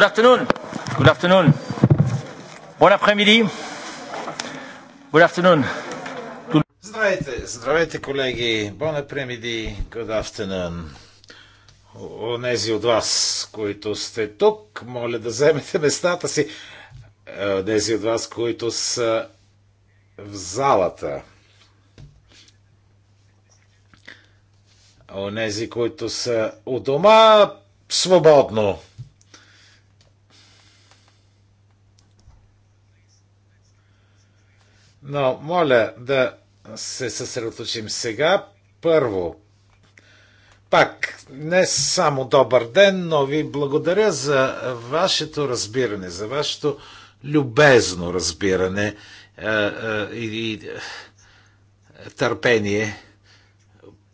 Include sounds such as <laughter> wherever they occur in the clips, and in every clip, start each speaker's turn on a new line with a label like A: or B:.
A: Good afternoon. Good afternoon. Bon après-midi. Good afternoon. Здравейте,
B: здравейте колеги. Bon après-midi. Good afternoon. Онези от вас, които сте тук, моля да вземете местата си. Е, онези от вас, които са в залата. Онези, които са у дома, свободно Но моля да се съсредоточим сега. Първо, пак не само добър ден, но ви благодаря за вашето разбиране, за вашето любезно разбиране е, е, и е, търпение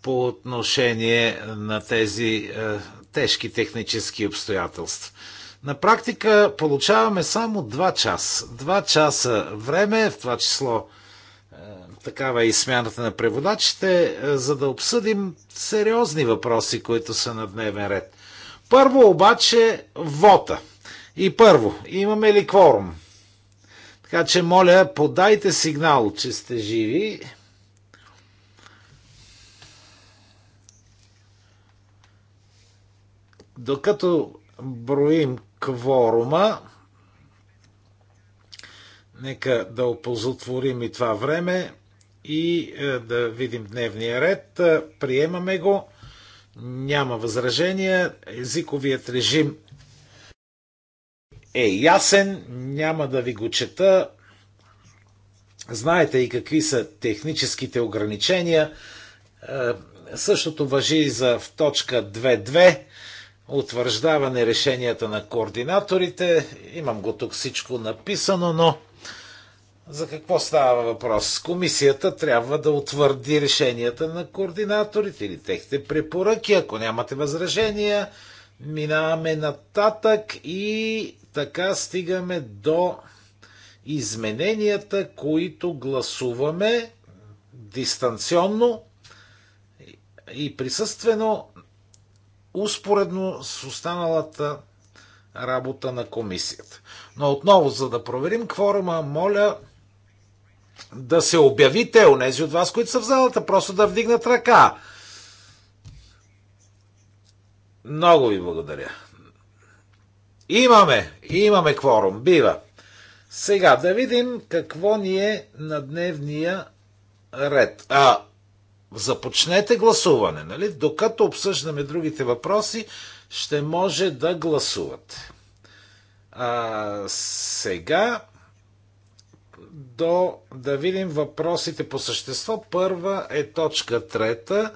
B: по отношение на тези тежки технически обстоятелства. На практика получаваме само 2 часа. 2 часа време, в това число е, такава е и смяната на преводачите, е, за да обсъдим сериозни въпроси, които са на дневен ред. Първо обаче вота. И първо, имаме ли кворум? Така че, моля, подайте сигнал, че сте живи. Докато броим кворума. Нека да опозотворим и това време и е, да видим дневния ред. Е, приемаме го. Няма възражения. Езиковият режим е ясен. Няма да ви го чета. Знаете и какви са техническите ограничения. Е, същото въжи и за в точка 2.2 утвърждаване решенията на координаторите. Имам го тук всичко написано, но за какво става въпрос? Комисията трябва да утвърди решенията на координаторите или техните препоръки. Ако нямате възражения, минаваме нататък и така стигаме до измененията, които гласуваме дистанционно и присъствено успоредно с останалата работа на комисията. Но отново, за да проверим кворума, моля да се обявите, онези от вас, които са в залата, просто да вдигнат ръка. Много ви благодаря. Имаме, имаме кворум, бива. Сега да видим какво ни е на дневния ред. А, започнете гласуване, нали? Докато обсъждаме другите въпроси, ще може да гласувате. А, сега до да видим въпросите по същество. Първа е точка трета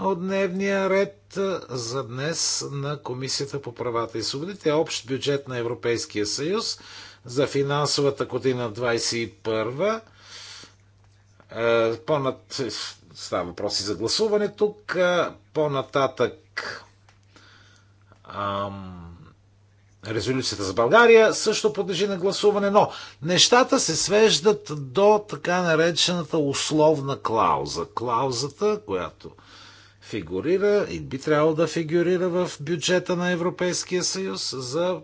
B: от дневния ред за днес на Комисията по правата и свободите. Общ бюджет на Европейския съюз за финансовата година 21 е, по-над става въпроси за гласуване тук. По-нататък ам, резолюцията за България също подлежи на гласуване, но нещата се свеждат до така наречената условна клауза. Клаузата, която фигурира и би трябвало да фигурира в бюджета на Европейския съюз за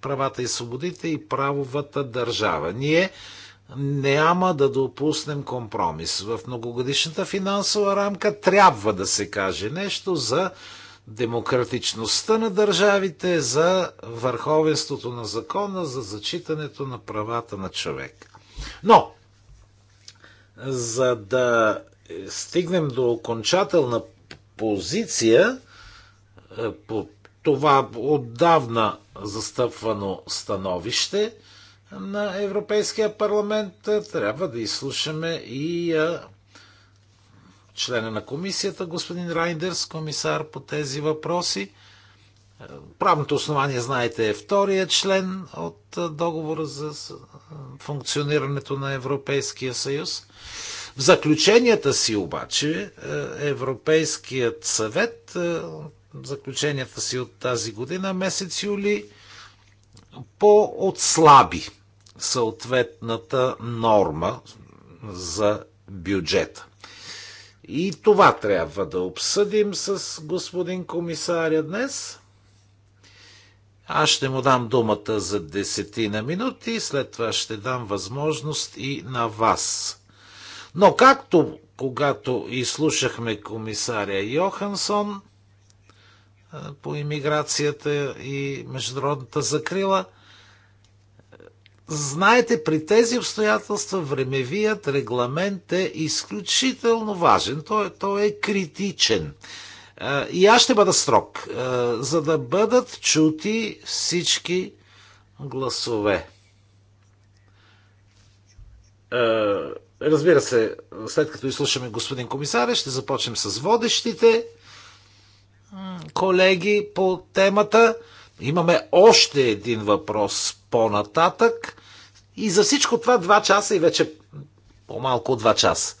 B: правата и свободите и правовата държава. Ние няма да допуснем компромис. В многогодишната финансова рамка трябва да се каже нещо за демократичността на държавите, за върховенството на закона, за зачитането на правата на човек. Но, за да стигнем до окончателна позиция е, по това отдавна застъпвано становище – на Европейския парламент. Трябва да изслушаме и члена на комисията, господин Райндерс, комисар по тези въпроси. Правното основание, знаете, е втория член от договора за функционирането на Европейския съюз. В заключенията си обаче Европейският съвет, заключенията си от тази година, месец юли, по-отслаби съответната норма за бюджета. И това трябва да обсъдим с господин комисаря днес. Аз ще му дам думата за десетина минути, след това ще дам възможност и на вас. Но както когато изслушахме комисаря Йохансон по иммиграцията и международната закрила – Знаете, при тези обстоятелства времевият регламент е изключително важен. Той, той е критичен. И аз ще бъда строг, за да бъдат чути всички гласове. Разбира се, след като изслушаме господин комисаря, ще започнем с водещите колеги по темата. Имаме още един въпрос по-нататък. И за всичко това 2 часа и вече по-малко от 2 часа.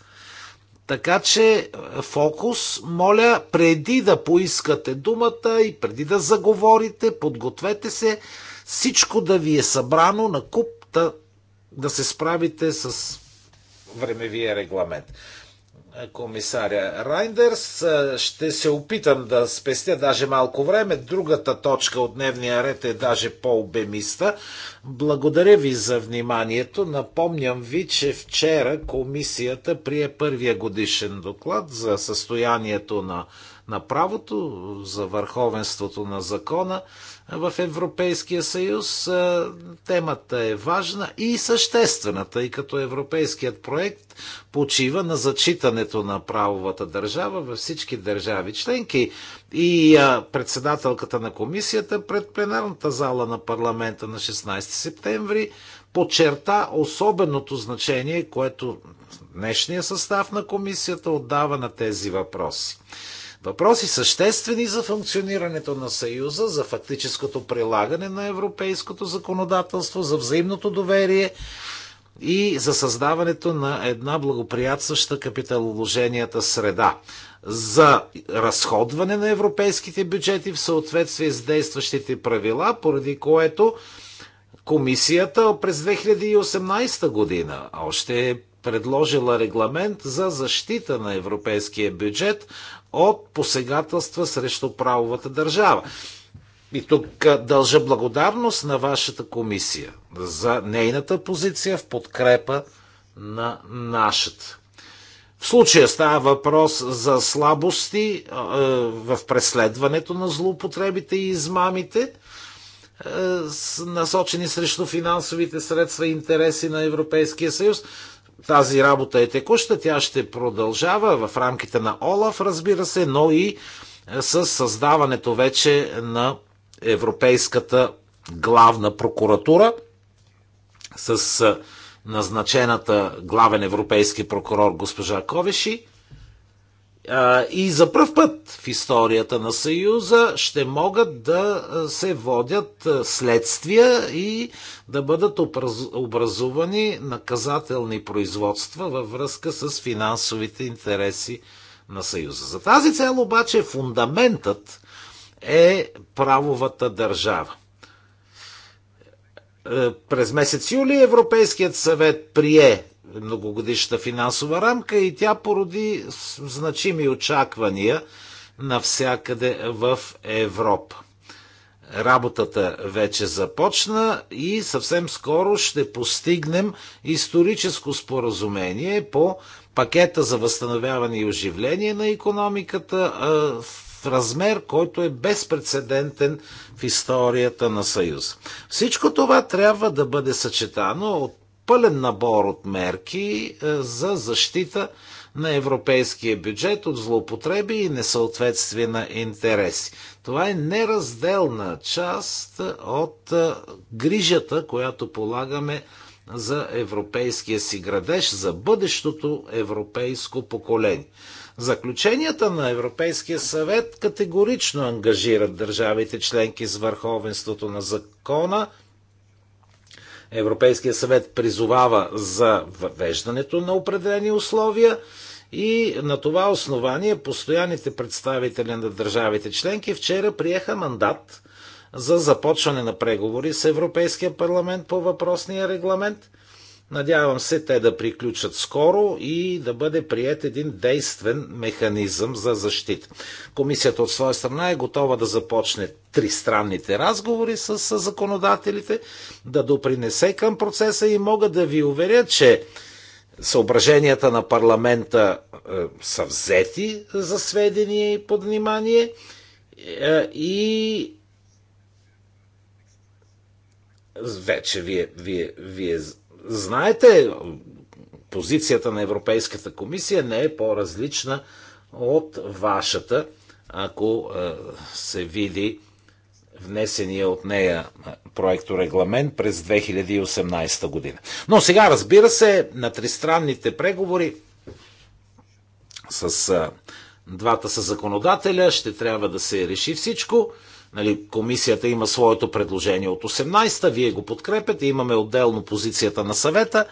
B: Така че, е, фокус, моля, преди да поискате думата и преди да заговорите, подгответе се, всичко да ви е събрано на купта, да се справите с времевия регламент. Е, комисаря Райндерс. Е, ще се опитам да спестя даже малко време. Другата точка от дневния ред е даже по-обемиста. Благодаря ви за вниманието. Напомням ви, че вчера комисията прие първия годишен доклад за състоянието на, на правото, за върховенството на закона в Европейския съюз. Темата е важна и съществена, тъй като европейският проект почива на зачитането на правовата държава във всички държави членки. И председателката на комисията пред пленарната зала на парламента на 16 септември подчерта особеното значение, което днешния състав на комисията отдава на тези въпроси. Въпроси съществени за функционирането на Съюза, за фактическото прилагане на европейското законодателство, за взаимното доверие и за създаването на една благоприятстваща капиталоложенията среда за разходване на европейските бюджети в съответствие с действащите правила, поради което комисията през 2018 година още е предложила регламент за защита на европейския бюджет от посегателства срещу правовата държава. И тук дължа благодарност на вашата комисия за нейната позиция в подкрепа на нашата. В случая става въпрос за слабости в преследването на злоупотребите и измамите, насочени срещу финансовите средства и интереси на Европейския съюз. Тази работа е текуща, тя ще продължава в рамките на ОЛАФ, разбира се, но и е, с създаването вече на Европейската главна прокуратура с е, назначената главен европейски прокурор госпожа Ковеши и за първ път в историята на Съюза ще могат да се водят следствия и да бъдат образувани наказателни производства във връзка с финансовите интереси на Съюза. За тази цел обаче фундаментът е правовата държава. Е, през месец юли Европейският съвет прие многогодишната финансова рамка и тя породи значими очаквания навсякъде в Европа. Работата вече започна и съвсем скоро ще постигнем историческо споразумение по пакета за възстановяване и оживление на економиката в размер, който е безпредседентен в историята на Съюз. Всичко това трябва да бъде съчетано от пълен набор от мерки е, за защита на европейския бюджет от злоупотреби и несъответствие на интереси. Това е неразделна част от е, грижата, която полагаме за европейския си градеж, за бъдещото европейско поколение. Заключенията на Европейския съвет категорично ангажират държавите членки с върховенството на закона – Европейския съвет призовава за въвеждането на определени условия и на това основание постоянните представители на държавите членки вчера приеха мандат за започване на преговори с Европейския парламент по въпросния регламент – Надявам се те да приключат скоро и да бъде прият един действен механизъм за защита. Комисията от своя страна е готова да започне тристранните разговори с, законодателите, да допринесе към процеса и мога да ви уверя, че съображенията на парламента е, са взети за сведение и под внимание е, и вече вие, вие, вие Знаете, позицията на Европейската комисия не е по-различна от вашата, ако е, се види внесения от нея е, проекто регламент през 2018 година. Но сега, разбира се, на тристранните преговори с е, двата са законодателя, ще трябва да се реши всичко. Нали, комисията има своето предложение от 18-та, вие го подкрепяте, имаме отделно позицията на съвета.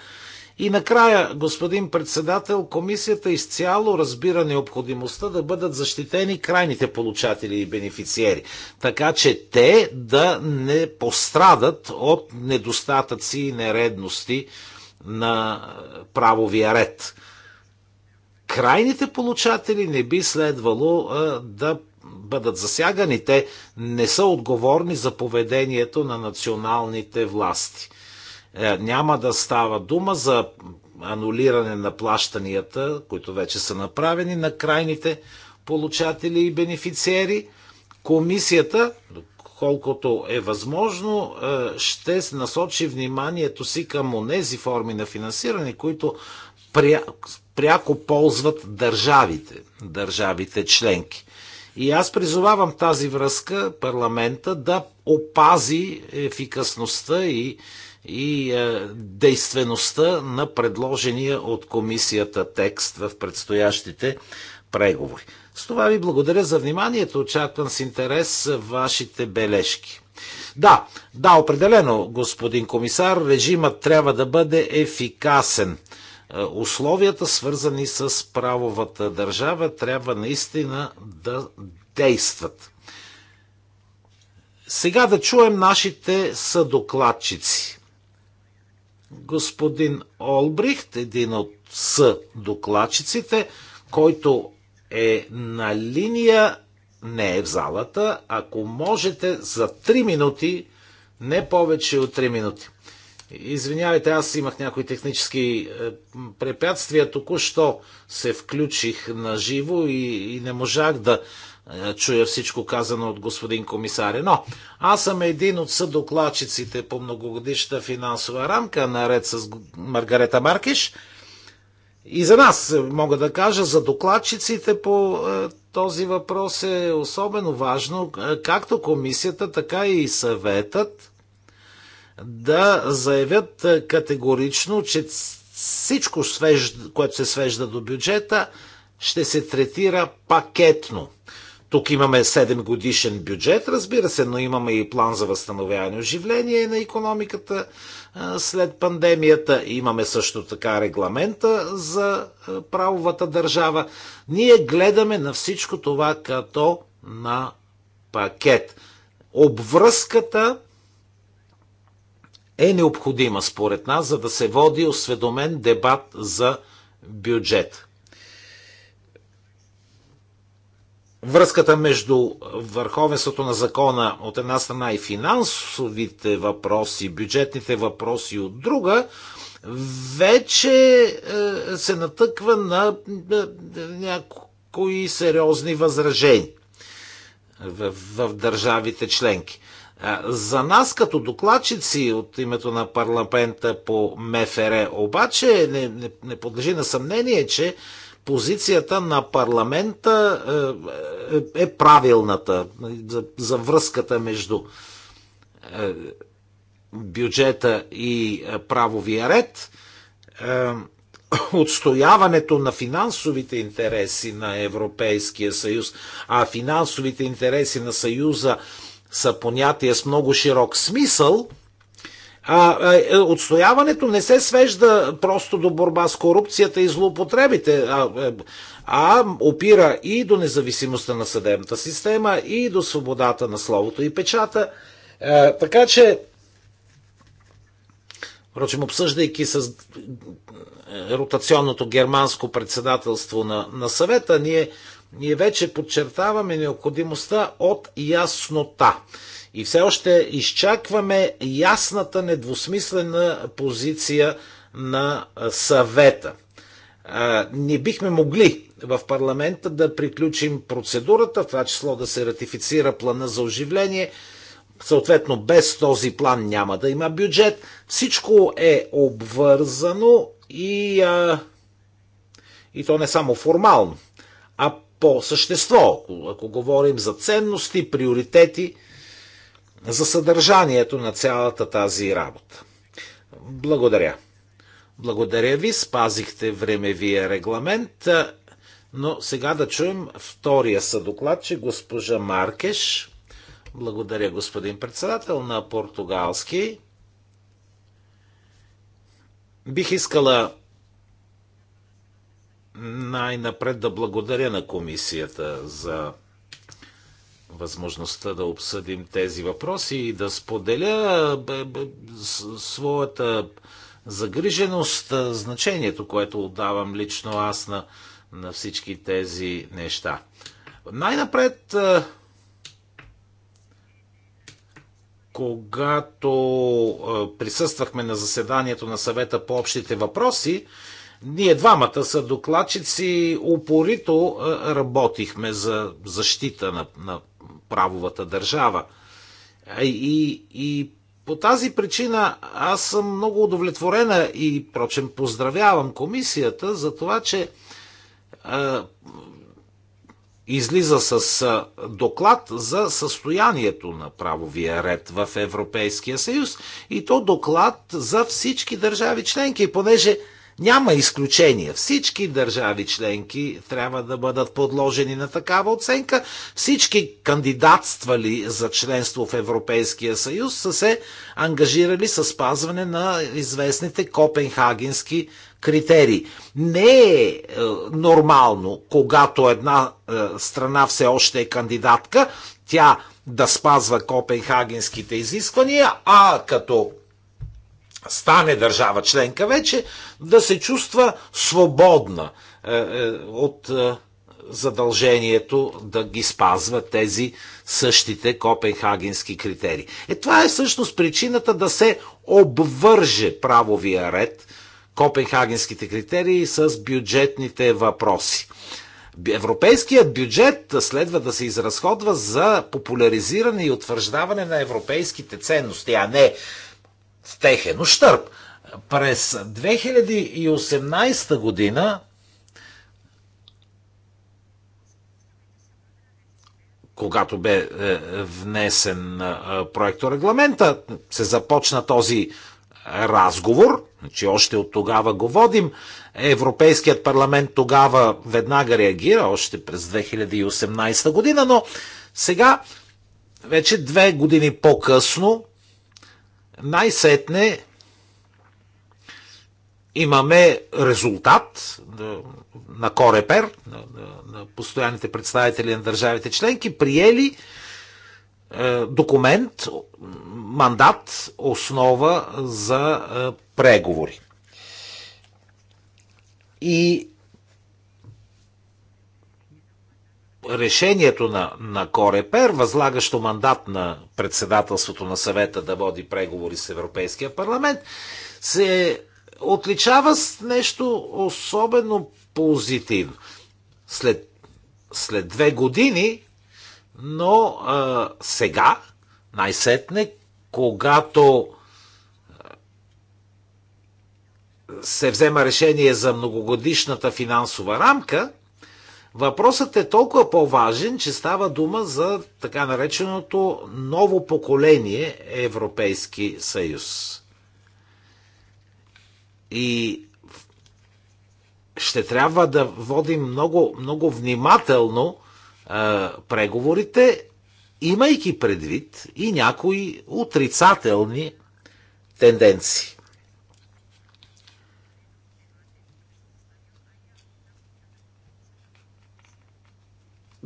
B: И накрая, господин председател, комисията изцяло разбира необходимостта да бъдат защитени крайните получатели и бенефициери, така че те да не пострадат от недостатъци и нередности на правовия ред крайните получатели не би следвало да бъдат засягани. Те не са отговорни за поведението на националните власти. Е, няма да става дума за анулиране на плащанията, които вече са направени на крайните получатели и бенефициери. Комисията, колкото е възможно, е, ще насочи вниманието си към онези форми на финансиране, които пряко ползват държавите, държавите членки. И аз призовавам тази връзка парламента да опази ефикасността и, и е, действеността на предложения от комисията текст в предстоящите преговори. С това ви благодаря за вниманието. Очаквам с интерес вашите бележки. Да, да, определено, господин комисар, режимът трябва да бъде ефикасен. Е, условията, свързани с правовата държава, трябва наистина да действат. Сега да чуем нашите съдокладчици. Господин Олбрихт, един от съдокладчиците, който е на линия, не е в залата, ако можете за 3 минути, не повече от 3 минути. Извинявайте, аз имах някои технически е, препятствия. Току-що се включих на живо и, и не можах да е, чуя всичко казано от господин комисаря. Но аз съм един от съдокладчиците по многогодишната финансова рамка, наред с Маргарета Маркиш. И за нас, е, мога да кажа, за докладчиците по този въпрос е особено важно както комисията, така и съветът да заявят е, категорично, че всичко, което се свежда до бюджета, ще се третира пакетно. Тук имаме 7 годишен бюджет, разбира се, но имаме и план за възстановяване и оживление на економиката е, след пандемията. Имаме също така регламента за е, правовата държава. Ние гледаме на всичко това като на пакет. Обвръзката е необходима според нас, за да се води осведомен дебат за бюджет. Връзката между върховенството на закона от една страна и финансовите въпроси, бюджетните въпроси от друга, вече е, се натъква на е, някои сериозни възражения в, в държавите членки. За нас като докладчици от името на парламента по МФР обаче не, не, не подлежи на съмнение, че позицията на парламента е, е, е правилната за, за връзката между е, бюджета и е, правовия ред, е, отстояването на финансовите интереси на Европейския съюз, а финансовите интереси на съюза е, са понятия с много широк смисъл, а, а, е, отстояването не се свежда просто до борба с корупцията и злоупотребите, а, е, а опира и до независимостта на съдебната система, и до свободата на словото и печата. А, е, така че, впрочем, обсъждайки с ротационното германско председателство на, на съвета, ние ние вече подчертаваме необходимостта от яснота. И все още изчакваме ясната недвусмислена позиция на съвета. Не бихме могли в парламента да приключим процедурата, в това число да се ратифицира плана за оживление. Съответно, без този план няма да има бюджет. Всичко е обвързано и, и то не само формално по същество, ако, ако говорим за ценности, приоритети, за съдържанието на цялата тази работа. Благодаря. Благодаря ви, спазихте времевия регламент, но сега да чуем втория съдоклад, че госпожа Маркеш. Благодаря, господин председател на португалски. Бих искала най-напред да благодаря на комисията за възможността да обсъдим тези въпроси и да споделя своята загриженост, значението, което отдавам лично аз на, на всички тези неща. Най-напред, когато присъствахме на заседанието на съвета по общите въпроси, ние двамата са докладчици, упорито е, работихме за защита на, на правовата държава. И, и по тази причина аз съм много удовлетворена и, прочем, поздравявам комисията за това, че а, е, излиза с а, е, доклад за състоянието на правовия ред в Европейския съюз и то доклад за всички държави членки, понеже няма изключения. Всички държави членки трябва да бъдат подложени на такава оценка. Всички кандидатствали за членство в Европейския съюз са се ангажирали с спазване на известните копенхагенски критерии. Не е, е нормално, когато една е, страна все още е кандидатка, тя да спазва копенхагенските изисквания, а като стане държава членка вече, да се чувства свободна е, е, от е, задължението да ги спазва тези същите копенхагенски критерии. Е, това е всъщност причината да се обвърже правовия ред, копенхагенските критерии с бюджетните въпроси. Европейският бюджет следва да се изразходва за популяризиране и утвърждаване на европейските ценности, а не техен ущърп. През 2018 година когато бе е, внесен е, проекторегламента, се започна този разговор, значи още от тогава го водим. Европейският парламент тогава веднага реагира, още през 2018 година, но сега, вече две години по-късно, най-сетне имаме резултат на Корепер, на, на, на постоянните представители на държавите членки, приели е, документ, мандат, основа за е, преговори. И решението на, на Корепер, възлагащо мандат на председателството на съвета да води преговори с Европейския парламент, се отличава с нещо особено позитивно. След, след две години, но а, сега, най-сетне, когато се взема решение за многогодишната финансова рамка, Въпросът е толкова по-важен, че става дума за така нареченото ново поколение Европейски съюз. И ще трябва да водим много, много внимателно е, преговорите, имайки предвид и някои отрицателни тенденции.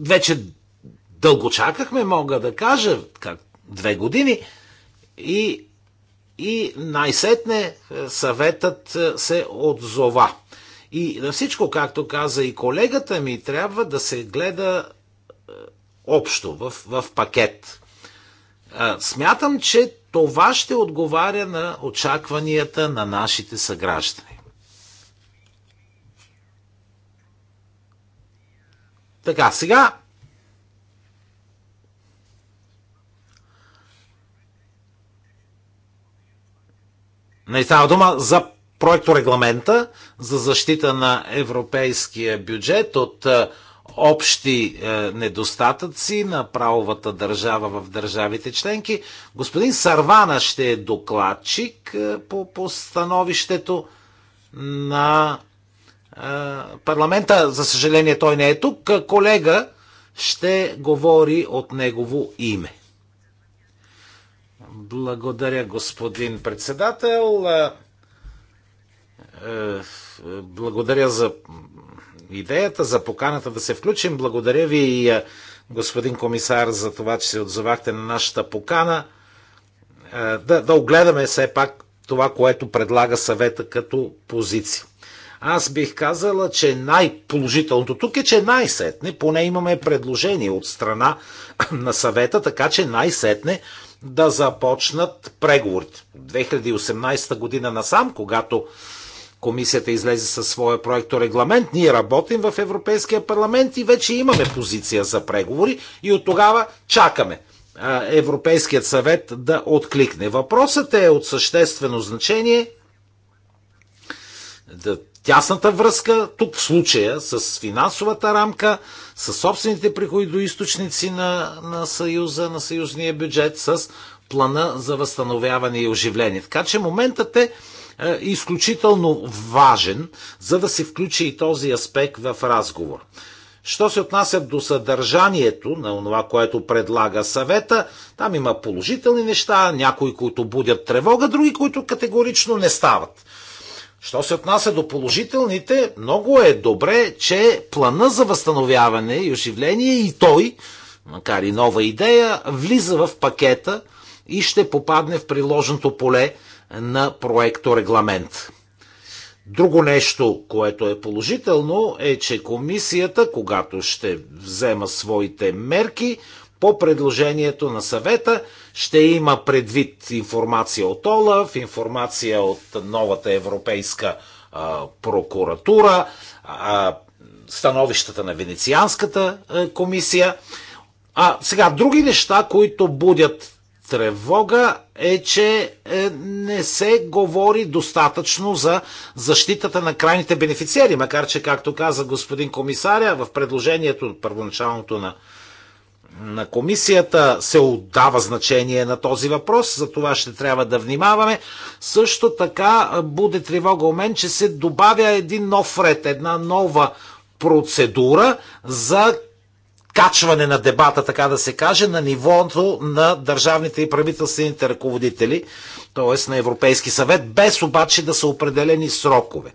B: Вече дълго чакахме, мога да кажа, как две години. И, и най-сетне е, съветът е, се отзова. И на всичко, както каза и колегата ми, трябва да се гледа е, общо, в, в пакет. Смятам, че това ще отговаря на очакванията на нашите съграждани. Така, сега Не става дума за проекторегламента за защита на европейския бюджет от е, общи е, недостатъци на правовата държава в държавите членки. Господин Сарвана ще е докладчик е, по постановището на парламента. За съжаление той не е тук. Колега ще говори от негово име. Благодаря, господин председател. Е, благодаря за идеята, за поканата да се включим. Благодаря ви, господин комисар, за това, че се отзовахте на нашата покана. Е, да, да огледаме все пак това, което предлага съвета като позиция. Аз бих казала, че най-положителното тук е, че най-сетне, поне имаме предложение от страна <clears throat> на съвета, така че най-сетне да започнат преговорите. 2018 година насам, когато комисията излезе със своя проекто регламент, ние работим в Европейския парламент и вече имаме позиция за преговори и от тогава чакаме. Европейският съвет да откликне. Въпросът е от съществено значение да тясната връзка тук в случая с финансовата рамка, с собствените приходи до източници на, на Съюза, на съюзния бюджет, с плана за възстановяване и оживление. Така че моментът е, е изключително важен, за да се включи и този аспект в разговор. Що се отнася до съдържанието на това, което предлага съвета, там има положителни неща, някои, които будят тревога, други, които категорично не стават Що се отнася до положителните, много е добре, че плана за възстановяване и оживление и той, макар и нова идея, влиза в пакета и ще попадне в приложеното поле на проекто регламент. Друго нещо, което е положително, е, че комисията, когато ще взема своите мерки по предложението на съвета, ще има предвид информация от ОЛАФ, информация от новата европейска а, прокуратура, а, становищата на Венецианската а, комисия. А сега, други неща, които будят тревога е, че е, не се говори достатъчно за защитата на крайните бенефициери, макар че, както каза господин комисаря, в предложението първоначалното на на комисията се отдава значение на този въпрос, за това ще трябва да внимаваме. Също така буде тревога у мен, че се добавя един нов ред, една нова процедура за качване на дебата, така да се каже, на нивото на държавните и правителствените ръководители, т.е. на Европейски съвет, без обаче да са определени срокове.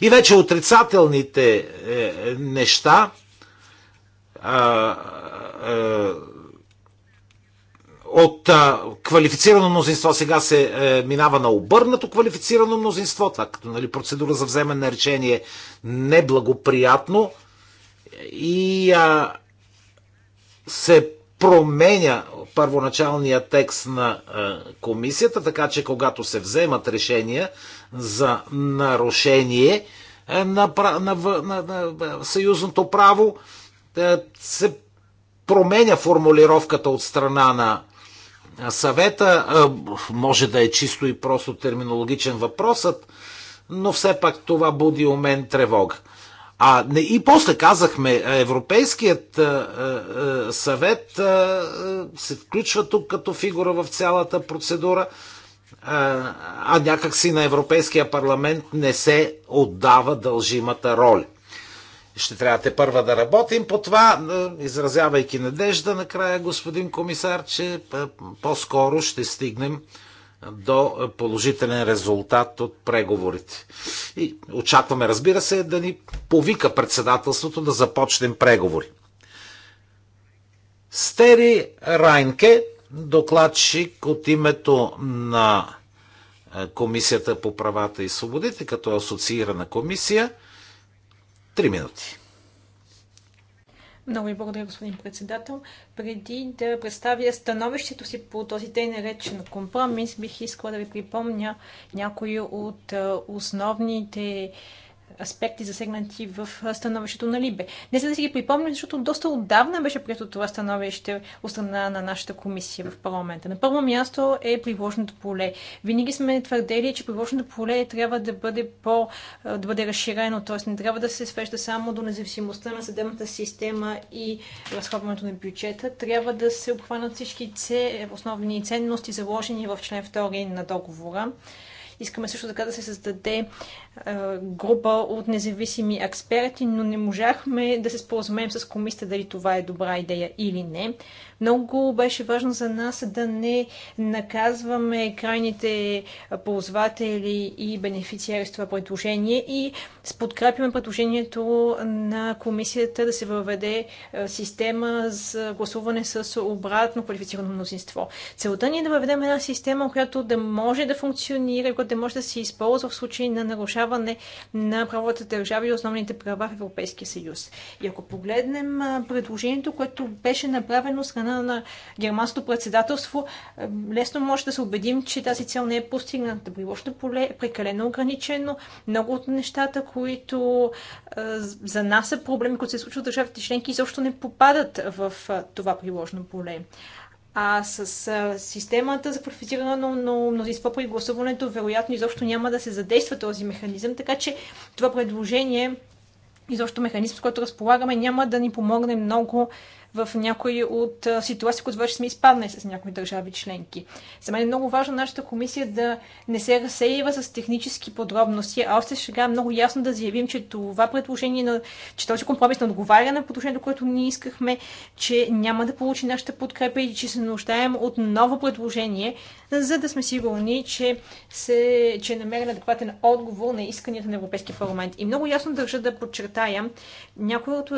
B: И вече отрицателните е, е неща, от а, квалифицирано мнозинство сега се е, минава на обърнато квалифицирано мнозинство, това като нали, процедура за вземане на решение неблагоприятно и а, се променя първоначалния текст на а, комисията, така че когато се вземат решения за нарушение на, на, на, на, на съюзното право, се променя формулировката от страна на съвета. Може да е чисто и просто терминологичен въпросът, но все пак това буди у мен тревога. А не, и после казахме, Европейският а, а, съвет а, се включва тук като фигура в цялата процедура, а, а някакси на Европейския парламент не се отдава дължимата роля ще трябва те първа да работим по това, изразявайки надежда накрая, господин комисар, че по-скоро ще стигнем до положителен резултат от преговорите. И очакваме, разбира се, да ни повика председателството да започнем преговори. Стери Райнке, докладчик от името на е, Комисията по правата и свободите, като асоциирана комисия – Три минути.
C: Много ви благодаря, господин председател. Преди да представя становището си по този тъй наречен компромис, бих искала да ви припомня някои от основните аспекти засегнати в становището на Либе. Не за да си ги припомня, защото доста отдавна беше прието това становище от страна на нашата комисия в парламента. На първо място е приложното поле. Винаги сме твърдели, че приложното поле трябва да бъде по да бъде разширено, т.е. не трябва да се свежда само до независимостта на съдебната система и разходването на бюджета. Трябва да се обхванат всички основни ценности, заложени в член 2 на договора. Искаме също така да се създаде е, група от независими експерти, но не можахме да се споразумеем с комисията дали това е добра идея или не. Много беше важно за нас да не наказваме крайните ползватели и бенефициари с това предложение и подкрепяме предложението на комисията да се въведе е, система за гласуване с обратно квалифицирано мнозинство. Целта ни е да въведем една система, която да може да функционира, която да може да се използва в случай на нарушаване на правовата държава и основните права в Европейския съюз. И ако погледнем е, предложението, което беше направено с храна края на германското председателство е, лесно може да се убедим, че тази цел не е постигната. Приложното поле е прекалено ограничено. Много от нещата, които е, за нас са проблеми, които се случват в държавите членки, изобщо не попадат в е, това приложно поле. А с а, системата за квалифицирано но мнозинство при гласуването, вероятно изобщо няма да се задейства този механизъм, така че това предложение, изобщо механизъм, с който разполагаме, няма да ни помогне много в някои от ситуации, които вече сме изпаднали с някои държави членки. За мен е много важно нашата комисия да не се разсеива с технически подробности, а още сега много ясно да заявим, че това предложение, на, че този компромис не отговаря на предложението, което ние искахме, че няма да получи нашата подкрепа и че се нуждаем от ново предложение, за да сме сигурни, че, се, че е намерен адекватен отговор на исканията на Европейския парламент. И много ясно държа да подчертая някои от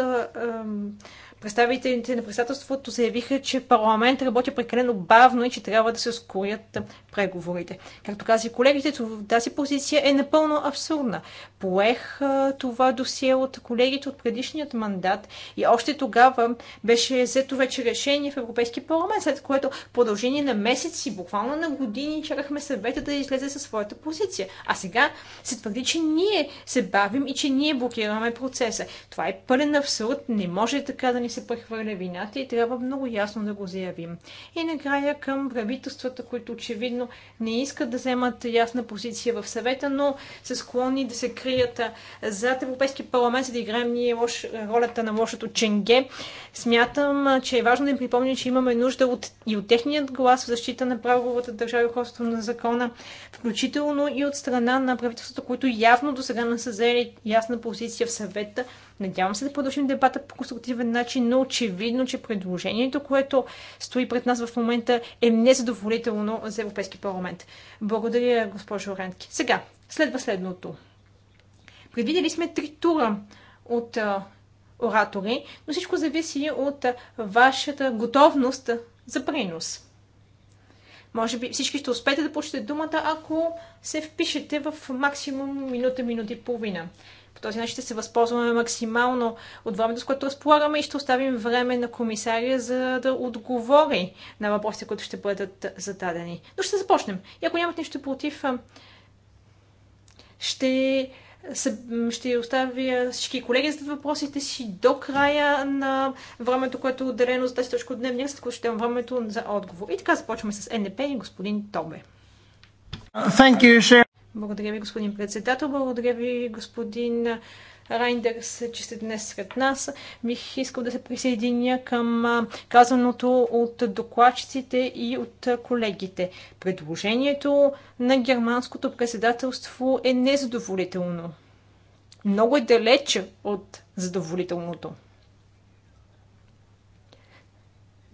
C: Представителите на председателството заявиха, че парламент работи прекалено бавно и че трябва да се ускорят преговорите. Както каза и колегите, тази позиция е напълно абсурдна. Поех това досие от колегите от предишният мандат и още тогава беше взето вече решение в Европейския парламент, след което в продължение на месеци, буквално на години, чакахме съвета да излезе със своята позиция. А сега се твърди, че ние се бавим и че ние блокираме процеса. Това е пълен абсурд. Не може така да ни се прехвърля вината и трябва много ясно да го заявим. И накрая към правителствата, които очевидно не искат да вземат ясна позиция в съвета, но са склонни да се крият зад Европейския парламент, за да играем ние лош, ролята на лошото ченге. Смятам, че е важно да им припомня, че имаме нужда от, и от техният глас в защита на правовата държава и хорството на закона, включително и от страна на правителството, които явно до сега не са взели ясна позиция в съвета Надявам се да продължим дебата по конструктивен начин, но очевидно, че предложението, което стои пред нас в момента, е незадоволително за Европейски парламент. Благодаря, госпожо Рентки. Сега, следва следното. Предвидели сме три тура от а, оратори, но всичко зависи от а, вашата готовност за принос. Може би всички ще успеете да получите думата, ако се впишете в максимум минута, минути и половина. По този начин ще се възползваме максимално от времето, с което разполагаме и ще оставим време на комисария, за да отговори на въпросите, които ще бъдат зададени. Но ще започнем. И ако нямат нищо против, ще ще оставя всички колеги за въпросите си до края на времето, което е отделено за тази точка от дневния, след което ще имам времето за отговор. И така започваме с НДП и господин Тобе.
A: Thank you,
C: благодаря ви, господин председател. Благодаря ви, господин Райндърс, че сте днес сред нас. Бих искал да се присъединя към казаното от докладчиците и от колегите. Предложението на германското председателство е незадоволително. Много е далеч от задоволителното.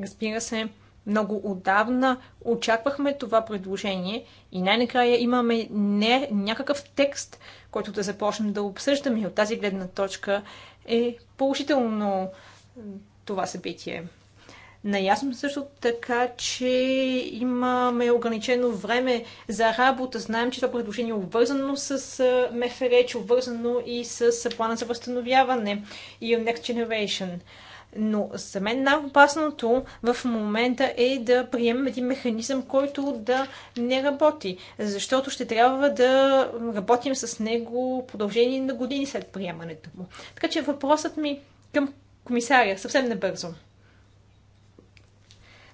C: Разбира се, много отдавна очаквахме това предложение и най-накрая имаме не някакъв текст, който да започнем да обсъждаме. И от тази гледна точка е положително това събитие. Наясно също така, че имаме ограничено време за работа. Знаем, че това предложение е обвързано с МФР, че е обвързано и с плана за възстановяване и Next Generation. Но за мен най-опасното в момента е да приемем един механизъм, който да не работи, защото ще трябва да работим с него продължение на години след приемането му. Така че въпросът ми към комисаря съвсем небързо.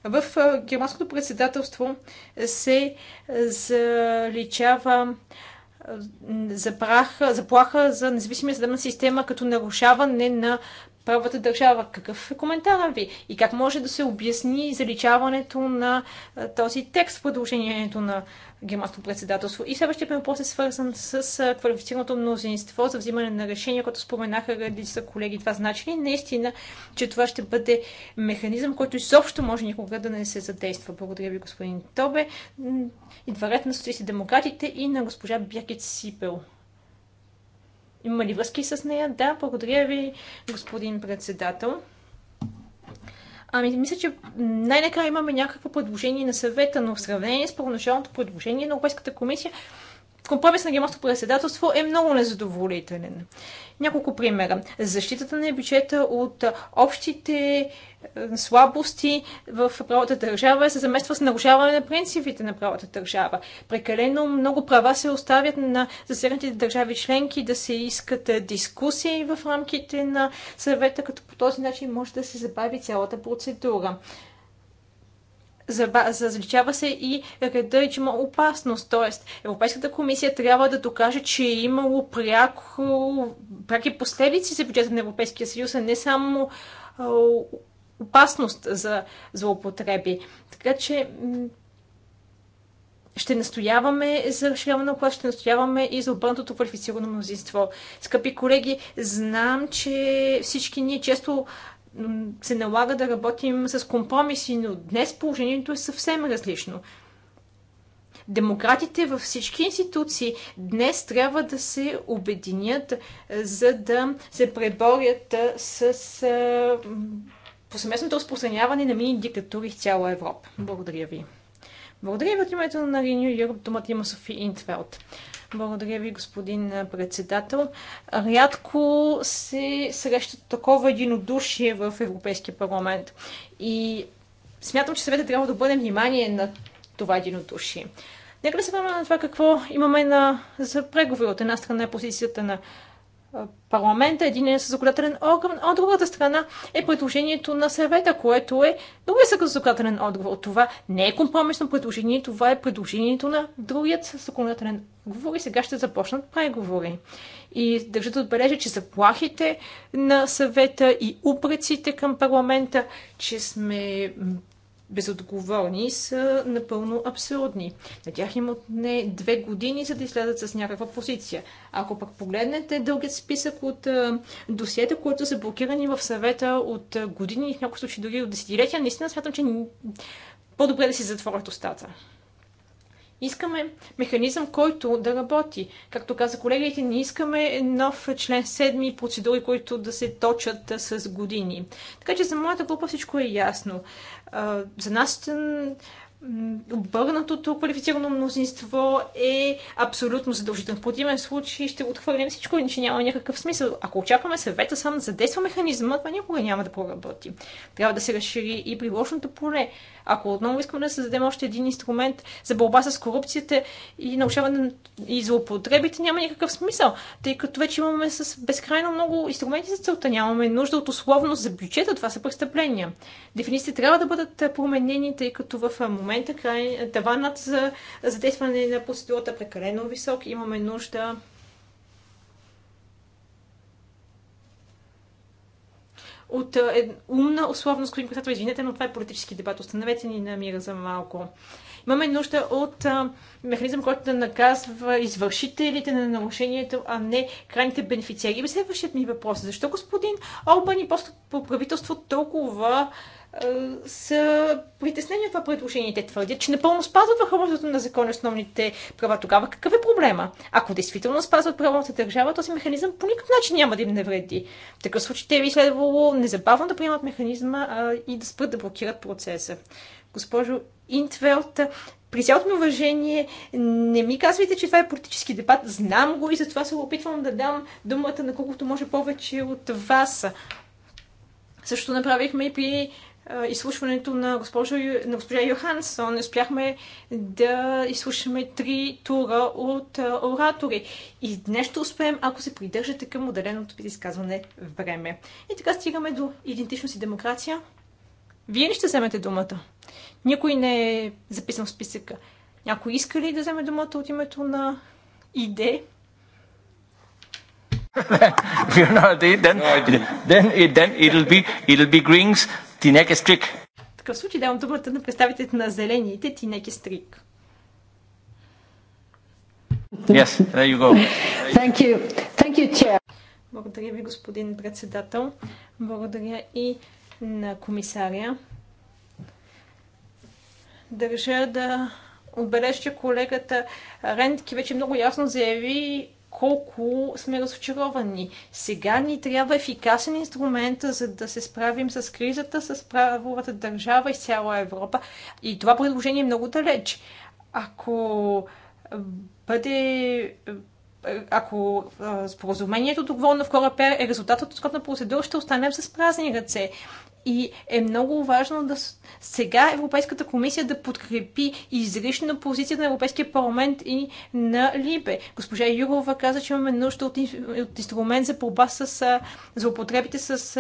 C: В германското председателство се заличава заплаха, заплаха за независимия съдебна система като нарушаване на правата държава. Какъв е коментарът ви? И как може да се обясни заличаването на този текст в продължението на германското председателство? И следващия ми въпрос е свързан с квалифицираното мнозинство за взимане на решения, което споменаха редица колеги. Това значи ли наистина, че това ще бъде механизъм, който изобщо може никога да не се задейства? Благодаря ви, господин Тобе. Идва ред на социалисти демократите и на госпожа Бякет Сипел. Има ли връзки с нея? Да, благодаря ви, господин председател. Ами, мисля, че най-накрая имаме някакво предложение на съвета, но в сравнение с първоначалното предложение на Европейската комисия, компромис на германското председателство е много незадоволителен. Няколко примера. Защитата на бюджета от общите слабости в правата държава се замества с нарушаване на принципите на правата държава. Прекалено много права се оставят на засегнатите държави членки да се искат дискусии в рамките на съвета, като по този начин може да се забави цялата процедура заличава се и реда, е, че има опасност. Тоест, Европейската комисия трябва да докаже, че е имало пряко, пряки последици за бюджета на Европейския съюз, а не само опасност за злоупотреби. Така че ще настояваме за разширяване на ще настояваме и за обърнатото квалифицирано мнозинство. Скъпи колеги, знам, че всички ние често се налага да работим с компромиси, но днес положението е съвсем различно. Демократите във всички институции днес трябва да се обединят, е, за да се преборят е, с е, посъместното разпространяване на мини диктатури в цяла Европа. Благодаря ви. Благодаря ви от името на Renew Europe. Думата има Софи Интфелд. Благодаря ви, господин председател. Рядко се среща такова единодушие в Европейския парламент. И смятам, че съвета трябва да бъде внимание на това единодушие. Нека да се върнем на това какво имаме на, за преговори. От една страна е позицията на парламента, един е законодателен орган, а от другата страна е предложението на съвета, което е другия законодателен отговор. Това не е компромисно предложение, това е предложението на другият законодателен отговор и сега ще започнат преговори. И държа да отбележа, че заплахите на съвета и упреците към парламента, че сме безотговорни, са напълно абсурдни. На тях им отне две години, за да излязат с някаква позиция. Ако пък погледнете дългият списък от досиета, които са блокирани в съвета от години, в някои случаи дори от десетилетия, наистина смятам, че по-добре да си затворят устата. Искаме механизъм, който да работи. Както каза колегите, не искаме нов член 7 процедури, които да се точат с години. Така че за моята група всичко е ясно. За нас обърнатото квалифицирано мнозинство е абсолютно задължително. В противен случай ще отхвърлим всичко, че няма някакъв смисъл. Ако очакваме съвета сам да задейства механизма, това никога няма да проработи. Трябва да се разшири и приложното поле. Ако отново искаме да създадем още един инструмент за борба с корупцията и нарушаване и злоупотребите, няма никакъв смисъл, тъй като вече имаме с безкрайно много инструменти за целта. Нямаме нужда от условност за бюджета. Това са престъпления. Дефинициите трябва да бъдат променени, тъй като в момента момента край, таванът за задействане на процедурата е прекалено висок. Имаме нужда от е, умна условност, която председател, извинете, но това е политически дебат. Остановете ни на мира за малко. Имаме нужда от а, механизъм, който да наказва извършителите на нарушението, а не крайните бенефициари. И следващият ми въпрос е, защо господин Олбани просто просто правителство толкова са притеснени от това предложение. Те твърдят, че напълно спазват върховенството на закон и основните права. Тогава какъв е проблема? Ако действително спазват правилната държава, този механизъм по никакъв начин няма да им не вреди. В такъв случай те би следвало незабавно да приемат механизма а, и да спрат да блокират процеса. Госпожо Интвелт, при цялото ми уважение, не ми казвайте, че това е политически дебат. Знам го и затова се опитвам да дам думата на колкото може повече от вас. Също направихме и при изслушването на госпожа, на госпожа Йохансон. Успяхме да изслушаме три тура от оратори. И днес ще успеем, ако се придържате към отделеното ви изказване време. И така стигаме до идентичност и демокрация. Вие не ще вземете думата? Никой не е записан в списъка. Някой иска ли да вземе думата от името на ИДЕ?
A: <laughs> then, then, then, then it'll be it'll be Greens, Тинеке Стрик. В
C: такъв случай давам думата на представителите на зелените Тинеке Стрик.
A: Yes, there you go. Thank you.
C: Thank you, chair. Благодаря ви, господин председател. Благодаря и на комисаря. Държа да отбележа, че колегата Рентки вече много ясно заяви колко сме разочаровани. Сега ни трябва ефикасен инструмент, за да се справим с кризата, с правовата държава и цяла Европа. И това предложение е много далеч. Ако бъде е, ако е, споразумението договорно в корапе, е резултатът от скотна процедура, ще останем с празни ръце. И е много важно да сега Европейската комисия да подкрепи изрично позиция на Европейския парламент и на Либе. Госпожа Юрова каза, че имаме нужда от, от инструмент за борба с злоупотребите с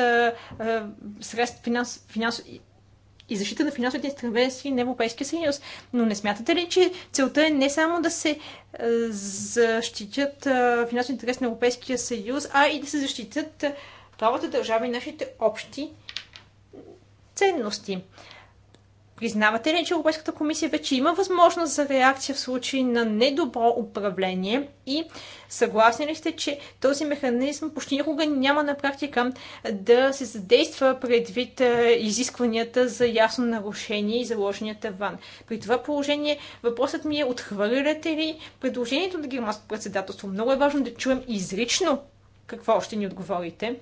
C: а, средств, финанс, финанс, и защита на финансовите интереси на Европейския съюз. Но не смятате ли, че целта е не само да се защитят финансовите интереси на Европейския съюз, а и да се защитят правата държава и нашите общи ценности? Признавате ли, че Европейската комисия вече има възможност за реакция в случай на недобро управление и съгласни ли сте, че този механизъм почти никога няма на практика да се задейства предвид е, изискванията за ясно нарушение и заложения таван? При това положение въпросът ми е отхвърляте ли предложението на германското председателство? Много е важно да чуем изрично какво ще ни отговорите.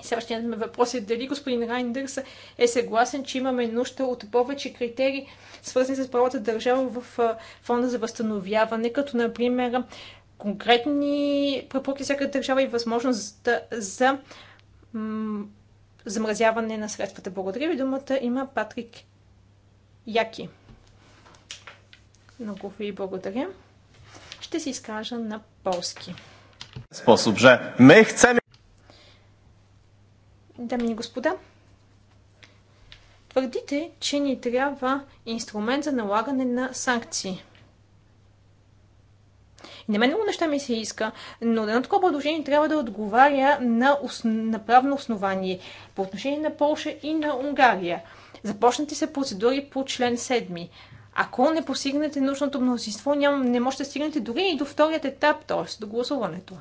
C: И сега ще имаме въпроси дали господин Райндърс е съгласен, че имаме нужда от повече критерии, свързани с правата държава в фонда за възстановяване, като например конкретни препоръки всяка държава и възможност за замразяване на средствата. Благодаря ви. Думата има Патрик Яки. Много ви благодаря. Ще се изкажа на полски.
A: Способ, же. Ме chcemy
C: Дами и господа, твърдите, че ни трябва инструмент за налагане на санкции. И на мен много неща ми се иска, но едно такова предложение трябва да отговаря на, ос... на правно основание по отношение на Польша и на Унгария. Започнати се процедури по член 7. Ако не постигнете нужното мнозинство, ням, не можете да стигнете дори и до вторият етап, т.е. до гласуването.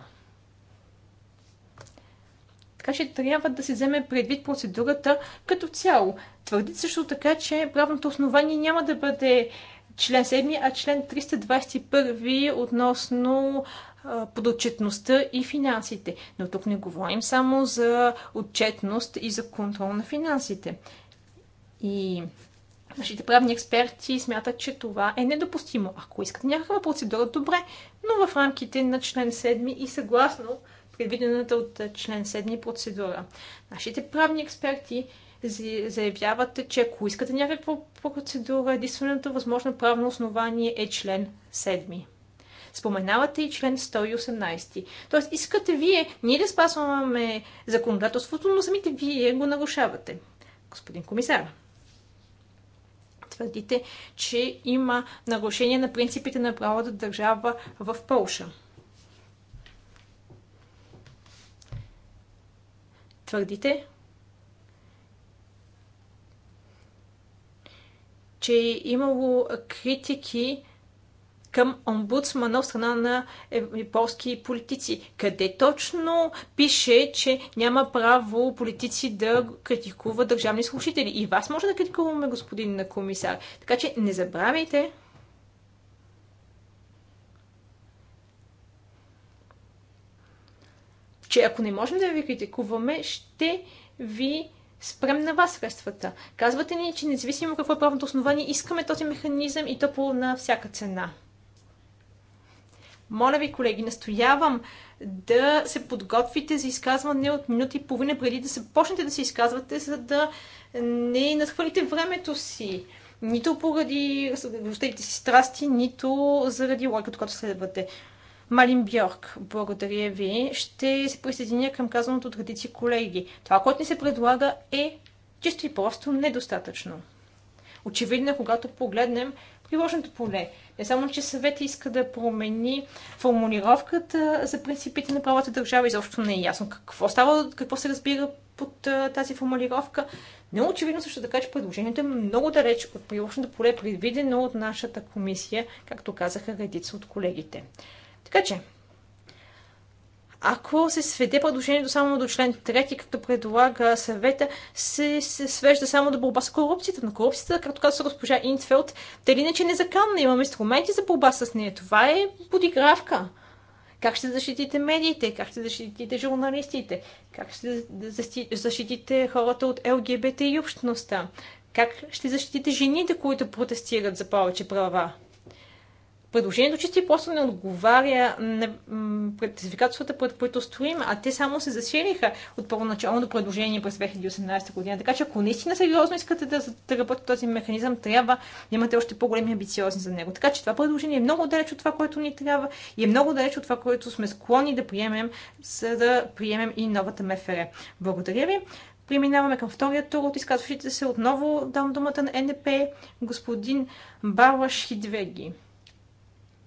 C: Така че трябва да се вземе предвид процедурата като цяло. Твърдит също така, че правното основание няма да бъде член 7, а член 321 относно подотчетността и финансите. Но тук не говорим само за отчетност и за контрол на финансите. И Нашите правни експерти смятат, че това е недопустимо. Ако искат някаква процедура, добре, но в рамките на член 7 и съгласно предвидената от член 7 процедура. Нашите правни експерти заявяват, че ако искате някаква процедура, единственото възможно правно основание е член 7. Споменавате и член 118. Тоест, искате вие, ние да спасваме законодателството, но самите вие го нарушавате. Господин комисар, твърдите, че има нарушение на принципите на да държава в Полша. твърдите, че е имало критики към омбудсмана от страна на е, полски политици. Къде точно пише, че няма право политици да критикуват държавни служители? И вас може да критикуваме, господин комисар. Така че не забравяйте, че ако не можем да ви критикуваме, ще ви спрем на вас средствата. Казвате ни, че независимо какво е правното основание, искаме този механизъм и то по на всяка цена. Моля ви, колеги, настоявам да се подготвите за изказване от минути и половина преди да започнете да се изказвате, за да не надхвърлите времето си. Нито поради гостелите си страсти, нито заради лойката, която следвате. Малин Бьорк, благодаря ви. Ще се присъединя към казаното от редици колеги. Това, което ни се предлага е чисто и просто недостатъчно. Очевидно, е, когато погледнем приложното поле. Не само, че съвет иска да промени формулировката за принципите на правата държава, изобщо не е ясно какво става, какво се разбира под тази формулировка. Но очевидно също така, че предложението е много далеч от приложното поле, предвидено от нашата комисия, както казаха редица от колегите. Така че, ако се сведе предложението само до член 3, като предлага съвета, се, се свежда само до борба с корупцията. Но корупцията, както каза госпожа Интфелд, те ли не незаканно. Имаме инструменти за борба с нея. Това е подигравка. Как ще защитите медиите? Как ще защитите журналистите? Как ще защитите хората от ЛГБТ и общността? Как ще защитите жените, които протестират за повече права? предложението чисто просто не отговаря на предизвикателствата, пред които стоим, а те само се засилиха от първоначалното предложение през 2018 година. Така че ако наистина сериозно искате да, да този механизъм, трябва да имате още по-големи амбициозни за него. Така че това предложение е много далеч от това, което ни трябва и е много далеч от това, което сме склонни да приемем, за да приемем и новата МФР. Благодаря ви. Преминаваме към втория тур от изказващите се. Отново дам думата на НДП господин Балаш Хидвеги.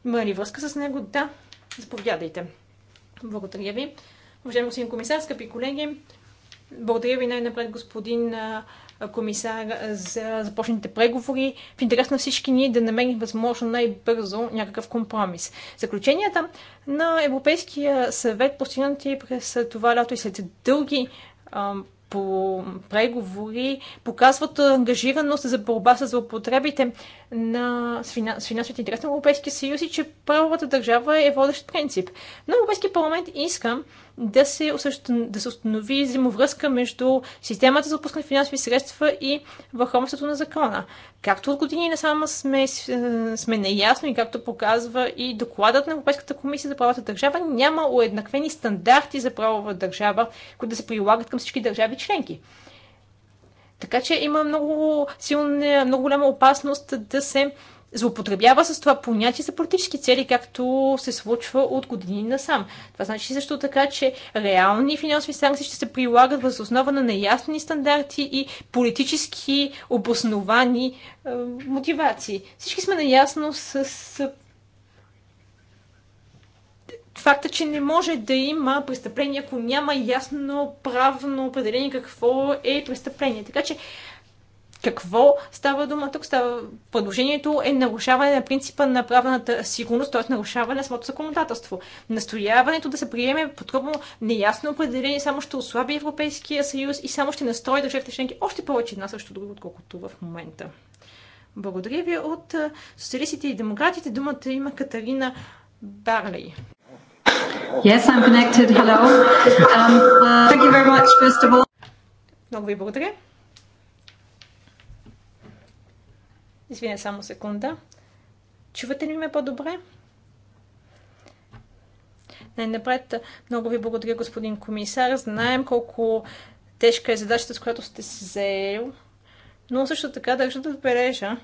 C: Има ли връзка с него? Да. Заповядайте. Благодаря ви. Уважаеми господин комисар, скъпи колеги, благодаря ви най-напред, господин комисар, за започните преговори. В интерес на всички ние да намерим възможно най-бързо някакъв компромис. Заключенията на Европейския съвет, постигнати през това лято и след дълги по преговори показват ангажираност за борба с злоупотребите на, с финансовите интереси на Европейския съюз и че правовата държава е водещ принцип. Но Европейския парламент иска да се, да се установи взаимовръзка между системата за отпускане финансови средства и върховенството на закона. Както от години само сме, е, сме неясно и както показва и докладът на Европейската комисия за правата държава, няма уеднаквени стандарти за правова държава, които да се прилагат към всички държави членки. Така че има много силна, много голяма опасност да се злоупотребява с това понятие за политически цели, както се случва от години насам. Това значи също така, че реални финансови санкции ще се прилагат въз основа на неясни стандарти и политически обосновани е, мотивации. Всички сме наясно с, с факта, че не може да има престъпление, ако няма ясно правно определение какво е престъпление. Така че какво става дума тук? Става... Предложението е нарушаване на принципа на правната сигурност, т.е. нарушаване на самото законодателство. Настояването да се приеме подробно неясно определение само ще ослаби Европейския съюз и само ще настрои държавите членки още повече една също друго, отколкото в момента. Благодаря ви от социалистите и демократите. Думата има Катарина Барлей. Yes, I'm connected. Hello. Um, uh, thank you very much, first of all. Много ви благодаря. Извиня само секунда. Чувате ли ме по-добре? Най-напред, много ви благодаря, господин комисар. Знаем колко тежка е задачата, с която сте се заел. Но също така държа да отбележа,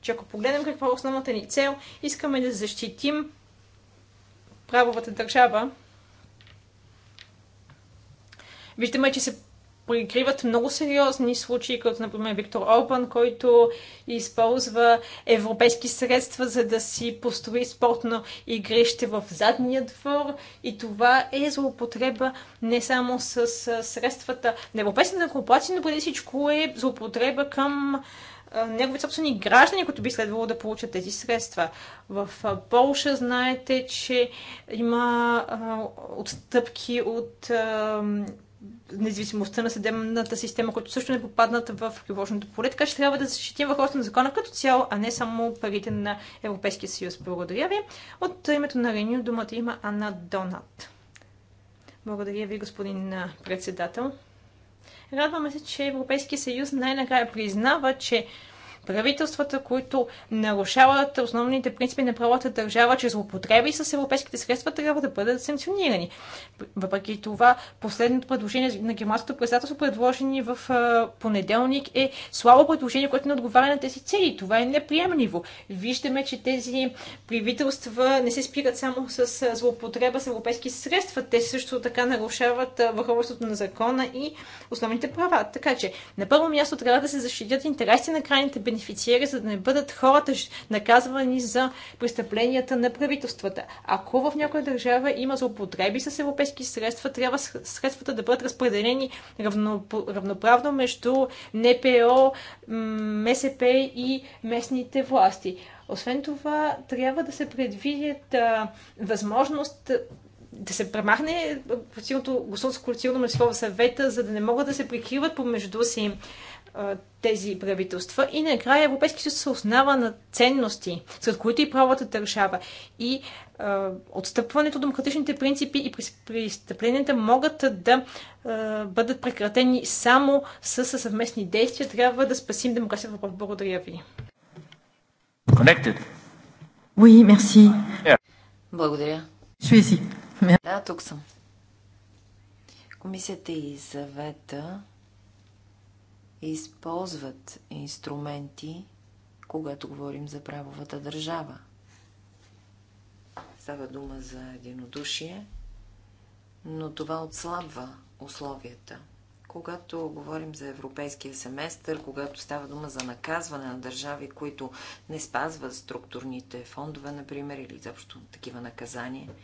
C: че ако погледнем каква е основната ни цел, искаме да защитим правовата държава. Виждаме, че се прикриват много сериозни случаи, като например Виктор Орбан, който използва европейски средства, за да си построи спортно игрище в задния двор. И това е злоупотреба не само с средствата на европейските корпорации, но преди всичко е злоупотреба към негови собствени граждани, които би следвало да получат тези средства. В Полша знаете, че има отстъпки от независимостта на съдебната система, които също не попаднат в приложеното поле, така че трябва да защитим въпроса на закона като цяло, а не само парите на Европейския съюз. Благодаря ви. От името на Реню думата има Анна Донат. Благодаря ви, господин председател. Радваме се, че Европейския съюз най-накрая признава, че правителствата, които нарушават основните принципи на правата държава че злопотреби с европейските средства, трябва да бъдат санкционирани. Въпреки това, последното предложение на германското председателство, предложени в понеделник, е слабо предложение, което не отговаря на тези цели. Това е неприемливо. Виждаме, че тези правителства не се спират само с злоупотреба с европейски средства. Те също така нарушават върховенството на закона и основните права. Така че, на първо място трябва да се защитят интересите на крайните бенефициенти унифицира, за да не бъдат хората наказвани за престъпленията на правителствата. Ако в някоя държава има злоупотреби с европейски средства, трябва средствата да бъдат разпределени равно, равноправно между НПО, МСП и местните власти. Освен това, трябва да се предвидят а, възможност да се премахне гласовото колективно силно в съвета, за да не могат да се прикриват помежду си тези правителства. И накрая Европейски съюз се основа на ценности, сред които и правата държава. И а, отстъпването демократичните принципи и престъпленията могат да а, бъдат прекратени само с съвместни действия. Трябва да спасим демокрацията в Благодаря ви.
A: Connected. Oui, merci. Yeah.
C: Благодаря. Да, тук съм.
D: Комисията и съвета използват инструменти, когато говорим за правовата държава. Става дума за единодушие, но това отслабва условията. Когато говорим за европейския семестър, когато става дума за наказване на държави, които не спазват структурните фондове, например, или заобщо такива наказания –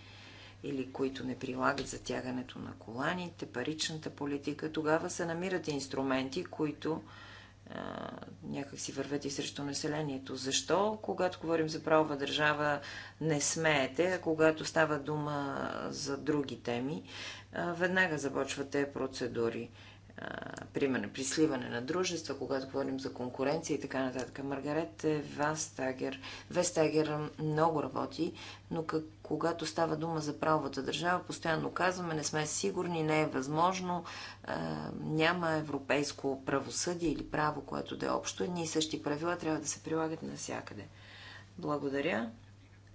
D: или които не прилагат затягането на коланите, паричната политика, тогава се намират инструменти, които а, някак си вървят и срещу населението. Защо, когато говорим за правова държава, не смеете, а когато става дума за други теми, а, веднага започвате процедури примерно при сливане на дружества, когато говорим за конкуренция и така нататък. Маргарет Вестагер, Вестагер много работи, но как, когато става дума за правовата държава, постоянно казваме, не сме сигурни, не е възможно, а, няма европейско правосъдие или право, което да е общо. Едни и същи правила трябва да се прилагат навсякъде. Благодаря.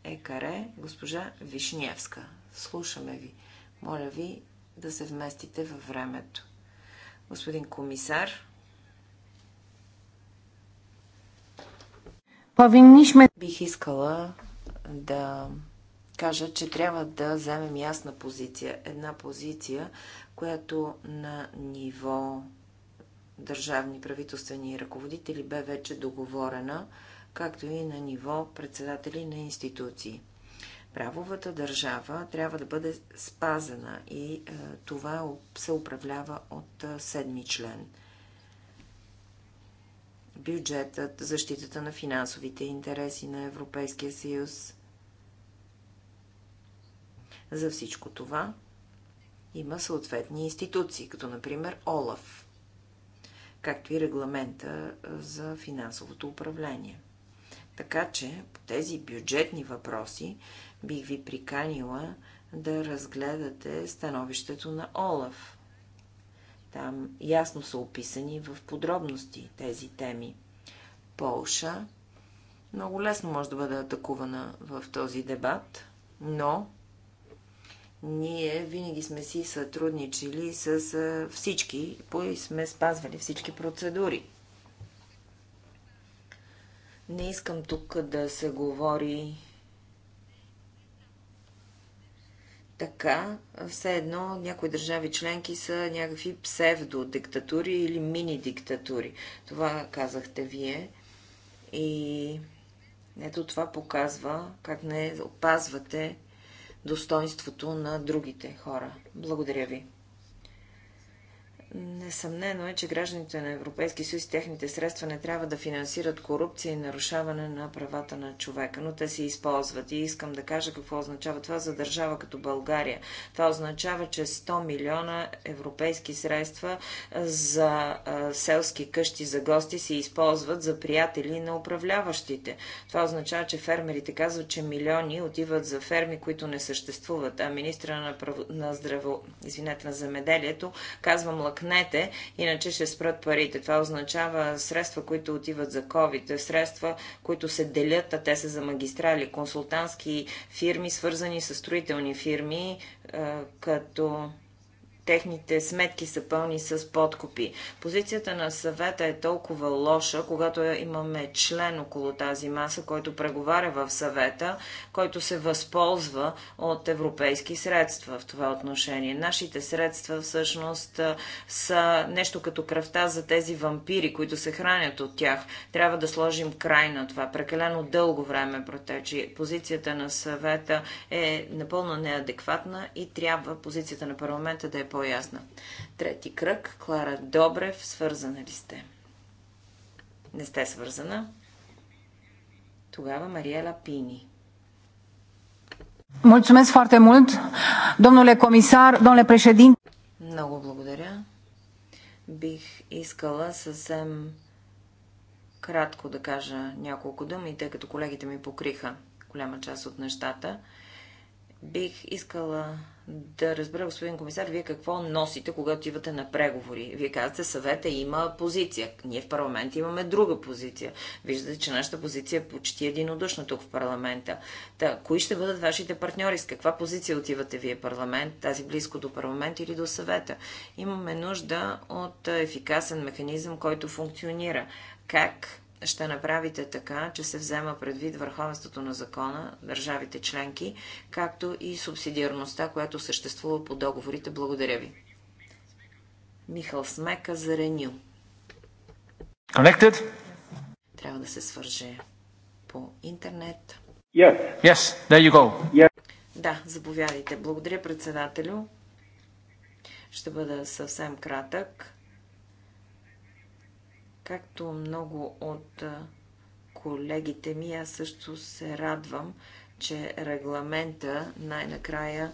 D: Екаре, госпожа Вишневска. Слушаме ви. Моля ви да се вместите във времето. Господин комисар.
C: Повиннишме.
D: Бих искала да кажа, че трябва да вземем ясна позиция. Една позиция, която на ниво държавни правителствени ръководители бе вече договорена, както и на ниво председатели на институции. Правовата държава трябва да бъде спазена и е, това се управлява от е, седми член. Бюджетът, защитата на финансовите интереси на Европейския съюз. За всичко това има съответни институции, като например ОЛАФ, както и регламента е, за финансовото управление. Така че по тези бюджетни въпроси бих ви приканила да разгледате становището на Олаф. Там ясно са описани в подробности тези теми. Полша много лесно може да бъде атакувана в този дебат, но ние винаги сме си сътрудничили с всички и сме спазвали всички процедури. Не искам тук да се говори така, все едно някои държави членки са някакви псевдодиктатури или мини-диктатури. Това казахте вие. И ето това показва как не опазвате достоинството на другите хора. Благодаря ви. Несъмнено е, че гражданите на Европейски съюз и техните средства не трябва да финансират корупция и нарушаване на правата на човека, но те се използват. И искам да кажа какво означава това за държава като България. Това означава, че 100 милиона европейски средства за селски къщи за гости се използват за приятели на управляващите. Това означава, че фермерите казват, че милиони отиват за ферми, които не съществуват. А министра на, право... на здраво, извинете, на земеделието казва млък пъкнете, иначе ще спрат парите. Това означава средства, които отиват за COVID, е средства, които се делят, а те са за магистрали, консултантски фирми, свързани с строителни фирми, е, като техните сметки са пълни с подкупи. Позицията на съвета е толкова лоша, когато имаме член около тази маса, който преговаря в съвета, който се възползва от европейски средства в това отношение. Нашите средства всъщност са нещо като кръвта за тези вампири, които се хранят от тях. Трябва да сложим край на това. Прекалено дълго време протече. Позицията на съвета е напълно неадекватна и трябва позицията на парламента да е по-ясна. Трети кръг. Клара Добрев, свързана ли сте? Не сте свързана. Тогава Мариела Пини.
A: Mulțumesc фарте mult, домноле комисар, домноле președinte.
D: Много благодаря. Бих искала съвсем кратко да кажа няколко думи, тъй като колегите ми покриха голяма част от нещата. Бих искала да разбера, господин комисар, вие какво носите, когато отивате на преговори. Вие казвате, съвета има позиция. Ние в парламент имаме друга позиция. Виждате, че нашата позиция е почти единодушна тук в парламента. Та, кои ще бъдат вашите партньори? С каква позиция отивате вие парламент, тази близко до парламент или до съвета? Имаме нужда от ефикасен механизъм, който функционира. Как ще направите така, че се взема предвид върховенството на закона, държавите членки, както и субсидиарността, която съществува по договорите. Благодаря ви. Михал Смека за Реню. Connected? Трябва да се свърже по интернет. Yes.
A: Yes, there you go.
D: Yes. Да, заповядайте. Благодаря, председателю. Ще бъда съвсем кратък. Както много от колегите ми, аз също се радвам, че регламента най-накрая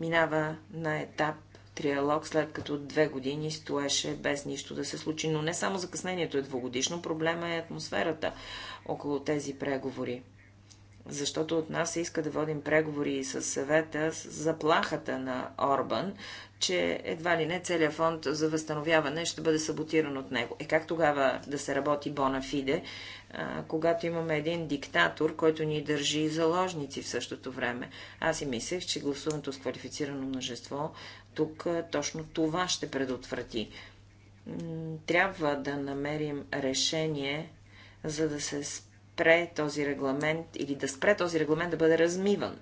D: минава на етап триалог, след като две години стоеше без нищо да се случи. Но не само закъснението е двогодишно, проблема е атмосферата около тези преговори. Защото от нас се иска да водим преговори с съвета с заплахата на Орбан, че едва ли не целият фонд за възстановяване ще бъде саботиран от него. Е как тогава да се работи бона фиде, когато имаме един диктатор, който ни държи заложници в същото време? Аз и мислех, че гласуването с квалифицирано мъжество тук точно това ще предотврати. Трябва да намерим решение, за да се спре този регламент или да спре този регламент да бъде размиван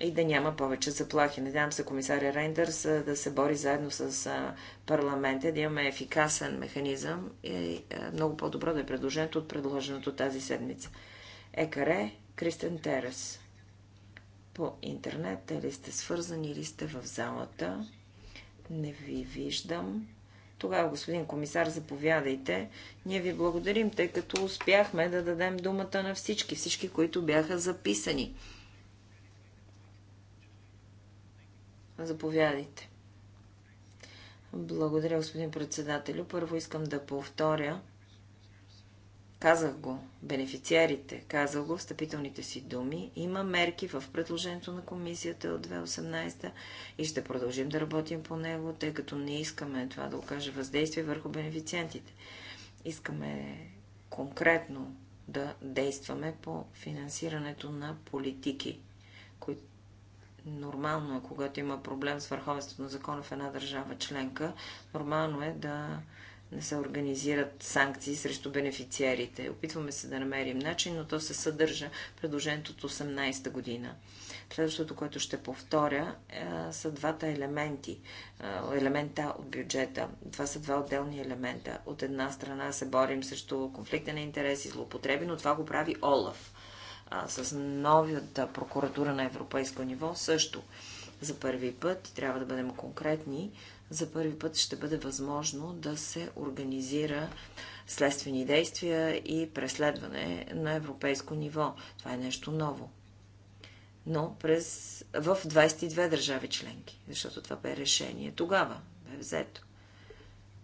D: и да няма повече заплахи. Надявам се комисаря Рейндърс да се бори заедно с парламента, да имаме ефикасен механизъм и много по-добро да е предложението от предложеното тази седмица. Екаре, Кристен Терес. По интернет, дали сте свързани, или сте в залата. Не ви виждам. Тогава, господин комисар, заповядайте. Ние ви благодарим, тъй като успяхме да дадем думата на всички, всички, които бяха записани. Заповядайте. Благодаря, господин председателю. Първо искам да повторя. Казах го, бенефициарите, казах го встъпителните си думи. Има мерки в предложението на комисията от 2018 и ще продължим да работим по него, тъй като не искаме това да окаже въздействие върху бенефициентите. Искаме конкретно да действаме по финансирането на политики, които Нормално е, когато има проблем с върховенството на закона в една държава членка, нормално е да не се организират санкции срещу бенефициерите. Опитваме се да намерим начин, но то се съдържа предложението от 18-та година. Следващото, което ще повторя, е, са двата елементи. Е, елемента от бюджета. Това са два отделни елемента. От една страна се борим срещу конфликта на интереси, злоупотреби, но това го прави Олаф а, с новата прокуратура на европейско ниво също за първи път, и трябва да бъдем конкретни, за първи път ще бъде възможно да се организира следствени действия и преследване на европейско ниво. Това е нещо ново. Но през, в 22 държави членки, защото това бе решение тогава, бе взето.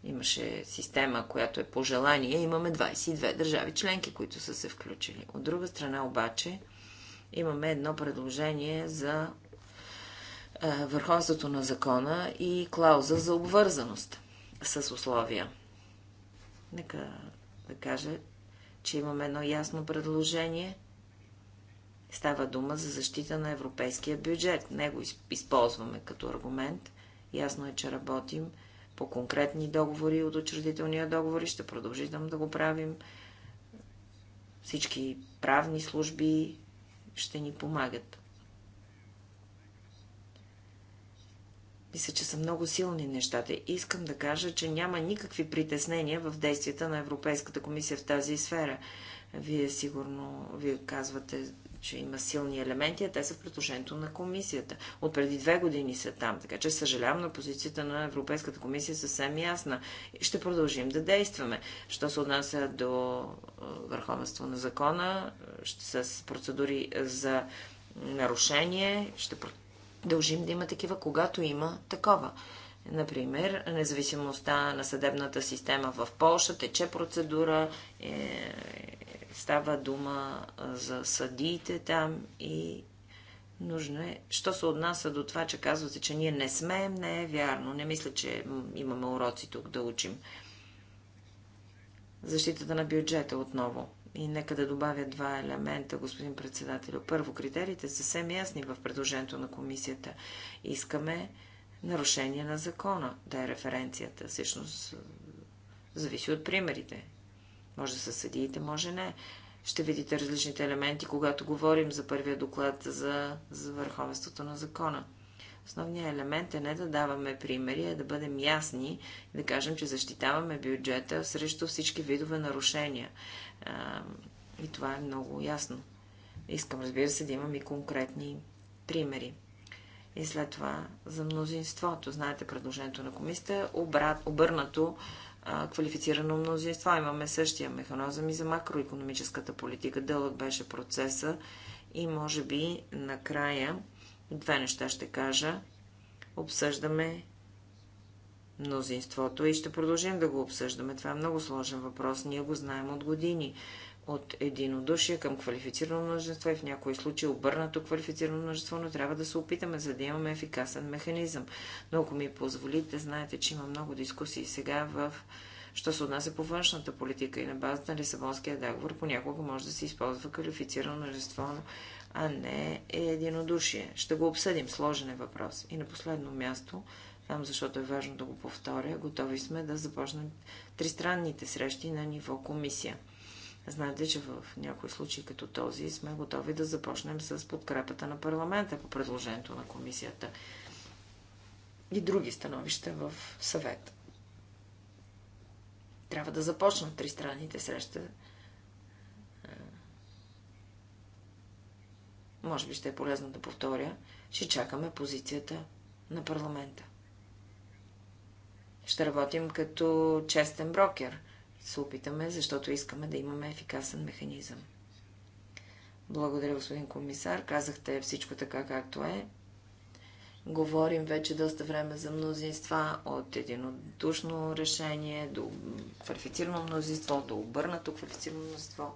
D: Имаше система, която е по желание. Имаме 22 държави членки, които са се включили. От друга страна обаче имаме едно предложение за върховството на закона и клауза за обвързаност с условия. Нека да кажа, че имаме едно ясно предложение. Става дума за защита на европейския бюджет. Него използваме като аргумент. Ясно е, че работим по конкретни договори от учредителния договор и ще продължим да го правим. Всички правни служби ще ни помагат. Мисля, че са много силни нещата. Искам да кажа, че няма никакви притеснения в действията на Европейската комисия в тази сфера. Вие сигурно, вие казвате че има силни елементи, а те са в предложението на комисията. От преди две години са там, така че съжалявам, на позицията на Европейската комисия е съвсем ясна. Ще продължим да действаме. Що се отнася до върховенство на закона, ще с процедури за нарушение, ще продължим да има такива, когато има такова. Например, независимостта на съдебната система в Польша тече процедура, е, Става дума за съдиите там и нужно е. Що се отнася до това, че казвате, че ние не смеем, не е вярно. Не мисля, че имаме уроци тук да учим. Защитата на бюджета отново. И нека да добавя два елемента, господин председател. Първо, критериите са съвсем ясни в предложението на комисията. Искаме нарушение на закона, да е референцията. Всъщност, зависи от примерите. Може са съдиите, може не. Ще видите различните елементи, когато говорим за първия доклад за, за върховенството на закона. Основният елемент е не да даваме примери, а да бъдем ясни и да кажем, че защитаваме бюджета срещу всички видове нарушения. И това е много ясно. Искам, разбира се, да имам и конкретни примери. И след това за мнозинството. Знаете, предложението на комисията е обърнато квалифицирано мнозинство. Имаме същия механизъм и за макроекономическата политика. Дълъг беше процеса и може би накрая две неща ще кажа. Обсъждаме мнозинството и ще продължим да го обсъждаме. Това е много сложен въпрос. Ние го знаем от години от единодушие към квалифицирано множество и в някои случаи обърнато квалифицирано множество, но трябва да се опитаме, за да имаме ефикасен механизъм. Но ако ми позволите, знаете, че има много дискусии сега в Що се отнася по външната политика и на базата на Лисабонския договор, понякога може да се използва квалифицирано множество, а не е единодушие. Ще го обсъдим, сложен е въпрос. И на последно място, там защото е важно да го повторя, готови сме да започнем тристранните срещи на ниво комисия – Знаете, че в някои случаи като този сме готови да започнем с подкрепата на парламента по предложението на комисията и други становища в съвет. Трябва да започнат тристранните среща. Е, може би ще е полезно да повторя, че чакаме позицията на парламента. Ще работим като честен брокер – се опитаме, защото искаме да имаме ефикасен механизъм. Благодаря, господин комисар. Казахте всичко така, както е. Говорим вече доста време за мнозинства, от единодушно решение до квалифицирано мнозинство, до обърнато квалифицирано мнозинство.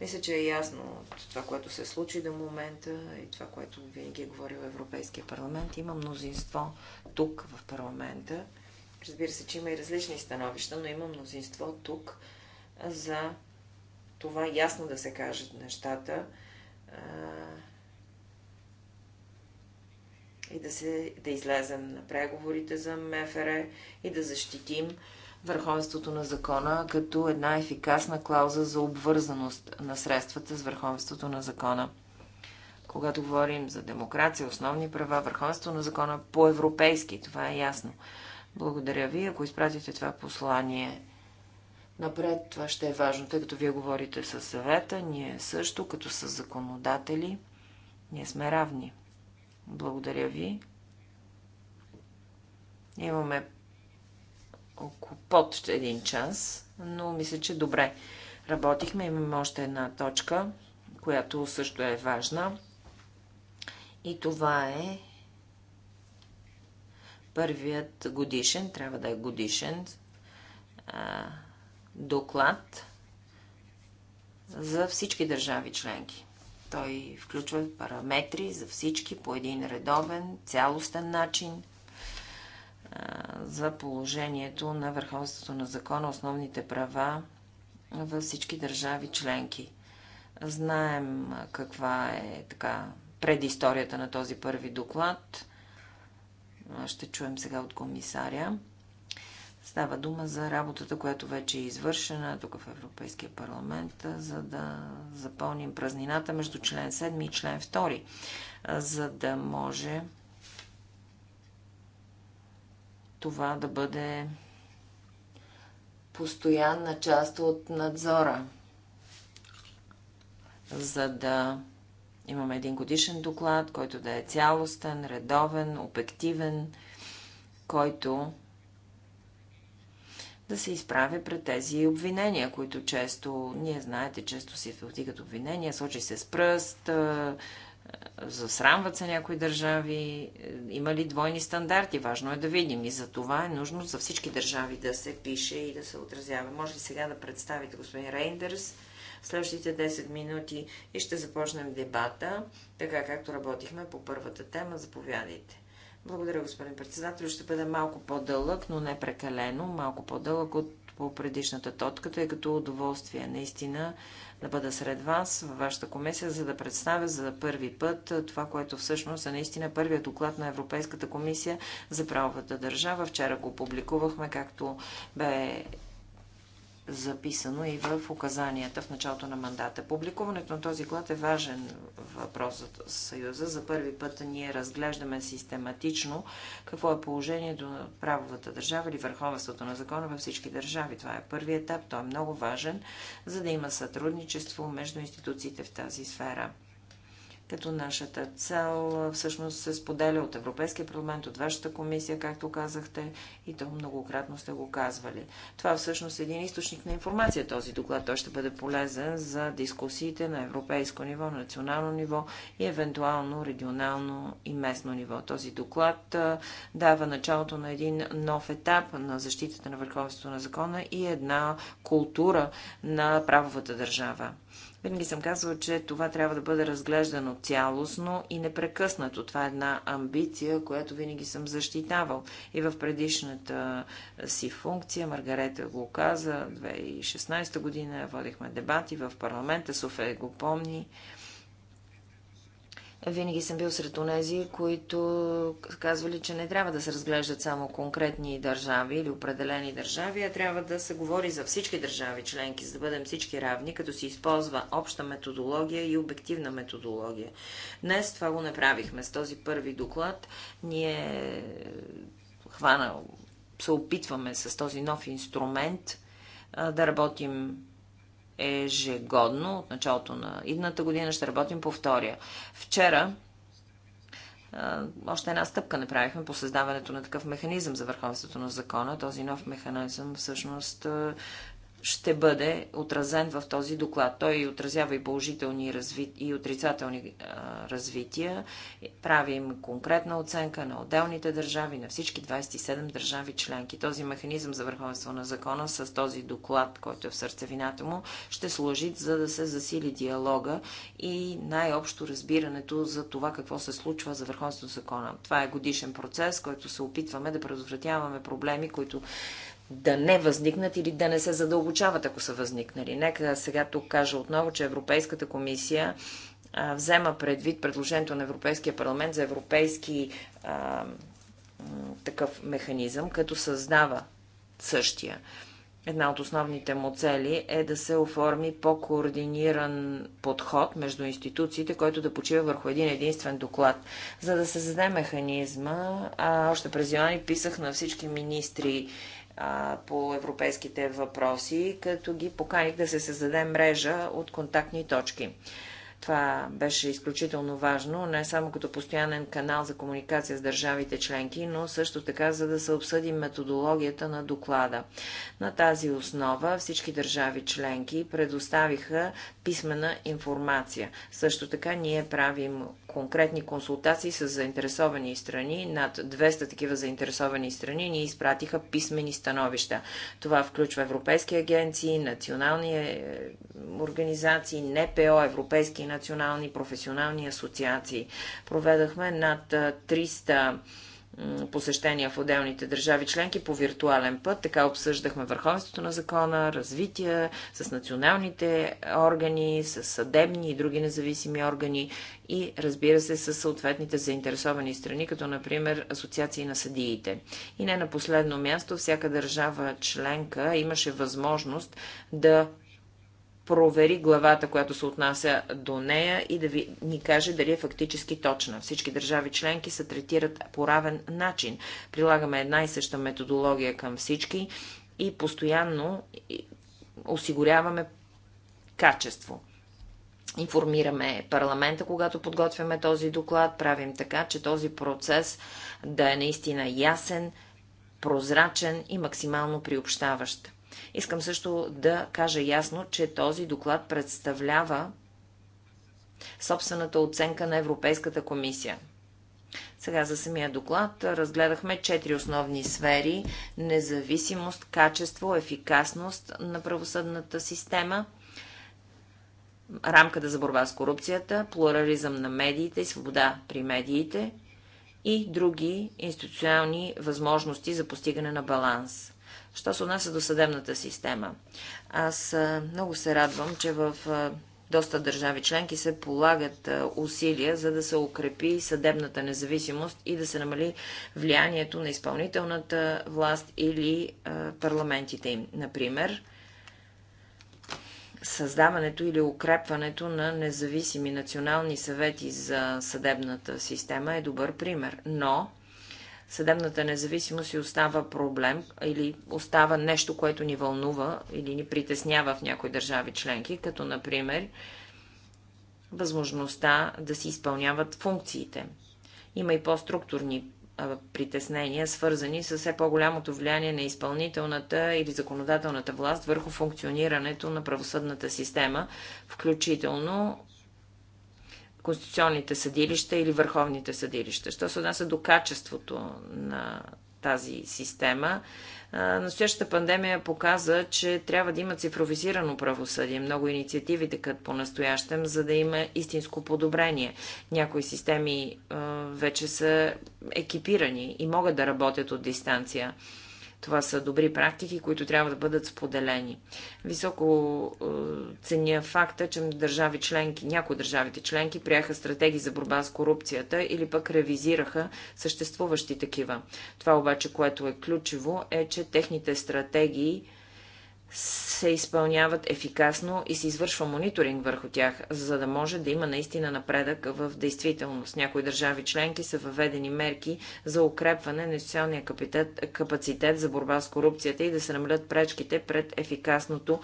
D: Мисля, че е ясно от това, което се случи до момента и това, което винаги е говорил Европейския парламент. Има мнозинство тук в парламента Разбира се, че има и различни становища, но има мнозинство тук за това ясно да се кажат нещата и да, се, да излезем на преговорите за МФР и да защитим върховенството на закона като една ефикасна клауза за обвързаност на средствата с върховенството на закона. Когато говорим за демокрация, основни права, върховенство на закона по-европейски, това е ясно. Благодаря ви. Ако изпратите това послание напред, това ще е важно, тъй като вие говорите със съвета, ние също, като са законодатели, ние сме равни. Благодаря ви. Имаме около под един час, но мисля, че добре работихме. Имаме още една точка, която също е важна. И това е Първият годишен, трябва да е годишен а, доклад за всички държави членки. Той включва параметри за всички по един редовен, цялостен начин а, за положението на върховството на закона, основните права във всички държави членки. Знаем каква е така предисторията на този първи доклад. Ще чуем сега от комисаря. Става дума за работата, която вече е извършена тук в Европейския парламент, за да запълним празнината между член 7 и член 2, за да може това да бъде постоянна част от надзора, за да Имаме един годишен доклад, който да е цялостен, редовен, обективен, който да се изправи пред тези обвинения, които често, ние знаете, често си отигат обвинения, сочи се с пръст, засрамват се някои държави, има ли двойни стандарти, важно е да видим и за това е нужно за всички държави да се пише и да се отразява. Може ли сега да представите господин Рейндърс? следващите 10 минути и ще започнем дебата, така както работихме по първата тема. Заповядайте. Благодаря, господин председател. Ще бъде малко по-дълъг, но не прекалено. Малко по-дълъг от по предишната точка, тъй като удоволствие наистина да бъда сред вас, във вашата комисия, за да представя за първи път това, което всъщност е наистина първият доклад на Европейската комисия за правовата държава. Вчера го публикувахме, както бе записано и в указанията в началото на мандата. Публикуването на този глад е важен въпрос за Съюза. За първи път ние разглеждаме систематично какво е положението на правовата държава или върховенството на закона във всички държави. Това е първи етап, той е много важен, за да има сътрудничество между институциите в тази сфера като нашата цел всъщност се споделя от Европейския парламент, от вашата комисия, както казахте, и то многократно сте го казвали. Това всъщност е един източник на информация, този доклад. Той ще бъде полезен за дискусиите на европейско ниво, на национално ниво и евентуално регионално и местно ниво. Този доклад дава началото на един нов етап на защитата на върховенството на закона и една култура на правовата държава. Винаги съм казвала, че това трябва да бъде разглеждано цялостно и непрекъснато. Това е една амбиция, която винаги съм защитавал. И в предишната си функция, Маргарета го каза, 2016 година водихме дебати в парламента, София го помни, винаги съм бил сред онези, които казвали, че не трябва да се разглеждат само конкретни държави или определени държави, а трябва да се говори за всички държави членки, за да бъдем всички равни, като се използва обща методология и обективна методология. Днес това го направихме с този първи доклад. Ние хвана, се опитваме с този нов инструмент да работим ежегодно. От началото на идната година ще работим по втория. Вчера още една стъпка направихме по създаването на такъв механизъм за върховенството на закона. Този нов механизъм всъщност ще бъде отразен в този доклад. Той отразява и положителни разви... и отрицателни а, развития. Правим конкретна оценка на отделните държави, на всички 27 държави членки. Този механизъм за върховенство на закона с този доклад, който е в сърцевината му, ще служи за да се засили диалога и най-общо разбирането за това какво се случва за върховенство на закона. Това е годишен процес, който се опитваме да предотвратяваме проблеми, които да не възникнат или да не се задълбочават, ако са възникнали. Нека сега тук кажа отново, че Европейската комисия а, взема предвид предложението на Европейския парламент за европейски а, такъв механизъм, като създава същия. Една от основните му цели е да се оформи по-координиран подход между институциите, който да почива върху един единствен доклад. За да се създаде механизма, а още през юани писах на всички министри по европейските въпроси, като ги поканих да се създаде мрежа от контактни точки. Това беше изключително важно, не само като постоянен канал за комуникация с държавите членки, но също така за да се обсъди методологията на доклада. На тази основа всички държави членки предоставиха писмена информация. Също така ние правим конкретни консултации с заинтересовани страни. Над 200 такива заинтересовани страни ни изпратиха писмени становища. Това включва европейски агенции, национални е, организации, НПО, европейски и национални професионални асоциации. Проведахме над 300 посещения в отделните държави членки по виртуален път. Така обсъждахме върховенството на закона, развитие с националните органи, с съдебни и други независими органи и разбира се с съответните заинтересовани страни, като например асоциации на съдиите. И не на последно място, всяка държава членка имаше възможност да провери главата, която се отнася до нея и да ви, ни каже дали е фактически точна. Всички държави членки се третират по равен начин. Прилагаме една и съща методология към всички и постоянно осигуряваме качество. Информираме парламента, когато подготвяме този доклад, правим така, че този процес да е наистина ясен, прозрачен и максимално приобщаващ. Искам също да кажа ясно, че този доклад представлява собствената оценка на Европейската комисия. Сега за самия доклад разгледахме четири основни сфери – независимост, качество, ефикасност на правосъдната система, рамката за борба с корупцията, плурализъм на медиите и свобода при медиите и други институционални възможности за постигане на баланс – Що се отнася до съдебната система? Аз много се радвам, че в доста държави членки се полагат усилия, за да се укрепи съдебната независимост и да се намали влиянието на изпълнителната власт или парламентите им. Например, създаването или укрепването на независими национални съвети за съдебната система е добър пример. Но съдебната независимост и остава проблем или остава нещо, което ни вълнува или ни притеснява в някои държави членки, като например възможността да си изпълняват функциите. Има и по-структурни притеснения, свързани с все по-голямото влияние на изпълнителната или законодателната власт върху функционирането на правосъдната система, включително конституционните съдилища или върховните съдилища. Що се отнася до качеството на тази система, настоящата пандемия показа, че трябва да има цифровизирано правосъдие. Много инициативи текат по-настоящем, за да има истинско подобрение. Някои системи вече са екипирани и могат да работят от дистанция. Това са добри практики, които трябва да бъдат споделени. Високо е, ценя факта, че държави членки, някои държавите членки приеха стратегии за борба с корупцията или пък ревизираха съществуващи такива. Това обаче, което е ключово, е, че техните стратегии се изпълняват ефикасно и се извършва мониторинг върху тях, за да може да има наистина напредък в действителност. Някои държави членки са въведени мерки за укрепване на социалния капитет, капацитет за борба с корупцията и да се намалят пречките пред ефикасното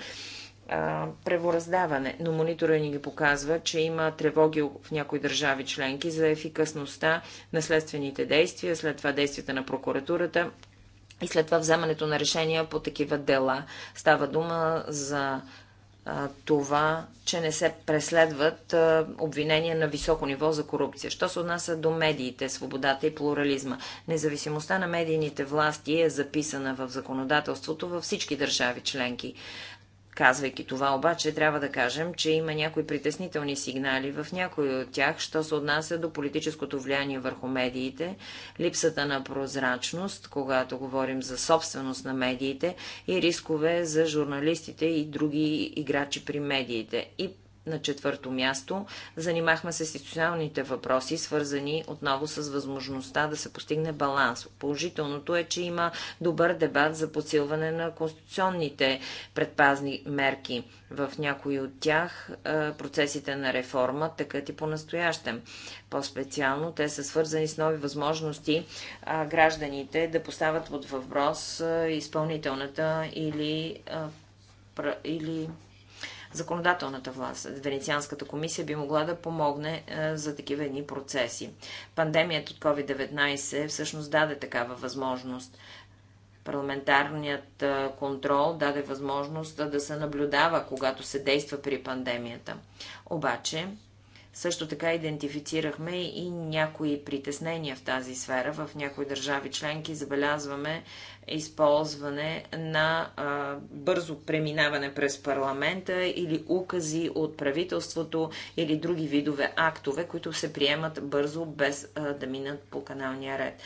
D: превораздаване, но мониторинг показва, че има тревоги в някои държави членки за ефикасността на следствените действия, след това действията на прокуратурата и след това вземането на решения по такива дела. Става дума за това, че не се преследват обвинения на високо ниво за корупция. Що се отнася до медиите, свободата и плурализма? Независимостта на медийните власти е записана в законодателството във всички държави членки. Казвайки това обаче, трябва да кажем, че има някои притеснителни сигнали в някои от тях, що се отнася до политическото влияние върху медиите, липсата на прозрачност, когато говорим за собственост на медиите и рискове за журналистите и други играчи при медиите. И на четвърто място занимахме се с институционалните въпроси, свързани отново с възможността да се постигне баланс. Положителното е, че има добър дебат за подсилване на конституционните предпазни мерки. В някои от тях е, процесите на реформа тъкат и по-настоящем. По-специално те са свързани с нови възможности е, гражданите да поставят под въпрос е, изпълнителната или, или законодателната власт. Венецианската комисия би могла да помогне е, за такива едни процеси. Пандемията от COVID-19 всъщност даде такава възможност. Парламентарният е, контрол даде възможност да се наблюдава, когато се действа при пандемията. Обаче, също така идентифицирахме и някои притеснения в тази сфера. В някои държави членки забелязваме използване на а, бързо преминаване през парламента или укази от правителството или други видове актове, които се приемат бързо, без а, да минат по каналния ред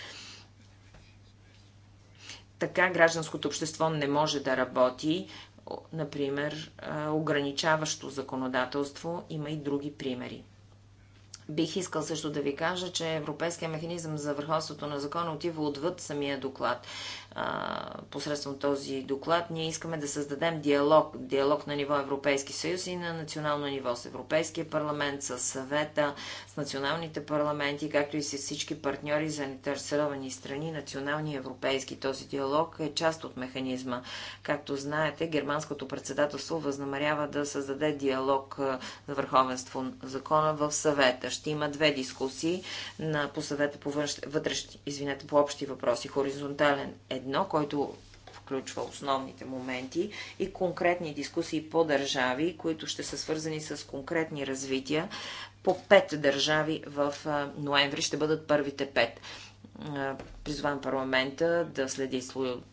D: така гражданското общество не може да работи. Например, ограничаващо законодателство има и други примери. Бих искал също да ви кажа, че Европейския механизъм за върховството на закона отива отвъд самия доклад посредством този доклад, ние искаме да създадем диалог, диалог на ниво Европейски съюз и на национално ниво с Европейския парламент, с съвета, с националните парламенти, както и с всички партньори за нетърсировани страни, национални и европейски. Този диалог е част от механизма. Както знаете, германското председателство възнамерява да създаде диалог за върховенство на закона в съвета. Ще има две дискусии на, по съвета по външ, вътреш, извинете, по общи въпроси. Хоризонтален е едно, който включва основните моменти и конкретни дискусии по държави, които ще са свързани с конкретни развития по пет държави в ноември. Ще бъдат първите пет призвам парламента да следи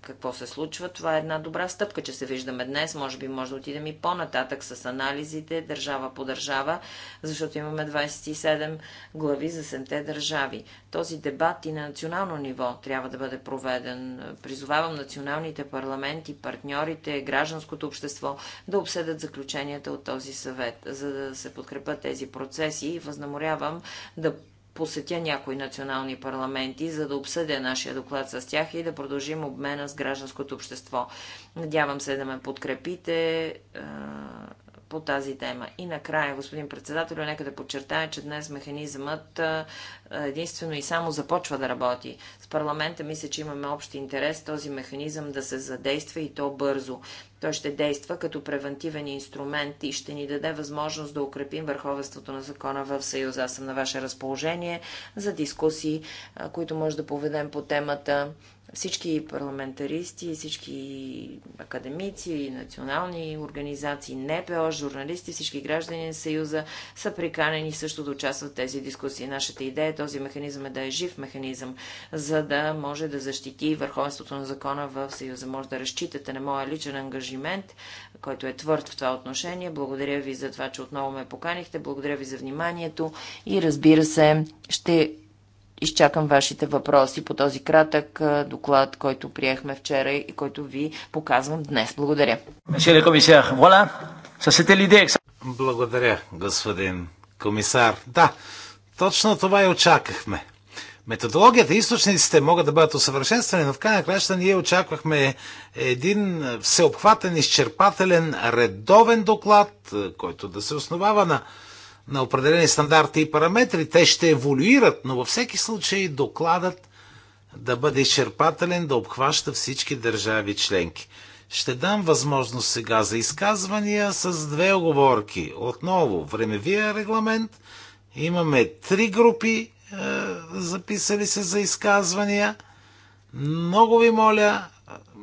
D: какво се случва. Това е една добра стъпка, че се виждаме днес. Може би може да отидем и по-нататък с анализите, държава по държава, защото имаме 27 глави за 7 те държави. Този дебат и на национално ниво трябва да бъде проведен. Призовавам националните парламенти, партньорите, гражданското общество да обсъдят заключенията от този съвет, за да се подкрепят тези процеси и възнаморявам да посетя някои национални парламенти, за да обсъдя нашия доклад с тях и да продължим обмена с гражданското общество. Надявам се да ме подкрепите по тази тема. И накрая, господин председател, нека да подчертая, че днес механизмът единствено и само започва да работи. С парламента мисля, че имаме общ интерес този механизъм да се задейства и то бързо. Той ще действа като превентивен инструмент и ще ни даде възможност да укрепим върховенството на закона в Съюза. Аз съм на ваше разположение за дискусии, които може да поведем по темата всички парламентаристи, всички академици, национални организации, НПО, журналисти, всички граждани на Съюза са приканени също да участват в тези дискусии. Нашата идея е този механизъм е да е жив механизъм, за да може да защити върховенството на закона в Съюза. Може да разчитате на моя личен ангажимент, който е твърд в това отношение. Благодаря ви за това, че отново ме поканихте. Благодаря ви за вниманието и разбира се, ще изчакам вашите въпроси по този кратък доклад, който приехме вчера и който ви показвам днес. Благодаря.
B: Благодаря, господин комисар. Да, точно това и очакахме. Методологията и източниците могат да бъдат усъвършенствани, но в крайна краща ние очаквахме един всеобхватен, изчерпателен, редовен доклад, който да се основава на на определени стандарти и параметри. Те ще еволюират, но във всеки случай докладът да бъде изчерпателен, да обхваща всички държави членки. Ще дам възможност сега за изказвания с две оговорки. Отново, времевия регламент. Имаме три групи е, записали се за изказвания. Много ви моля,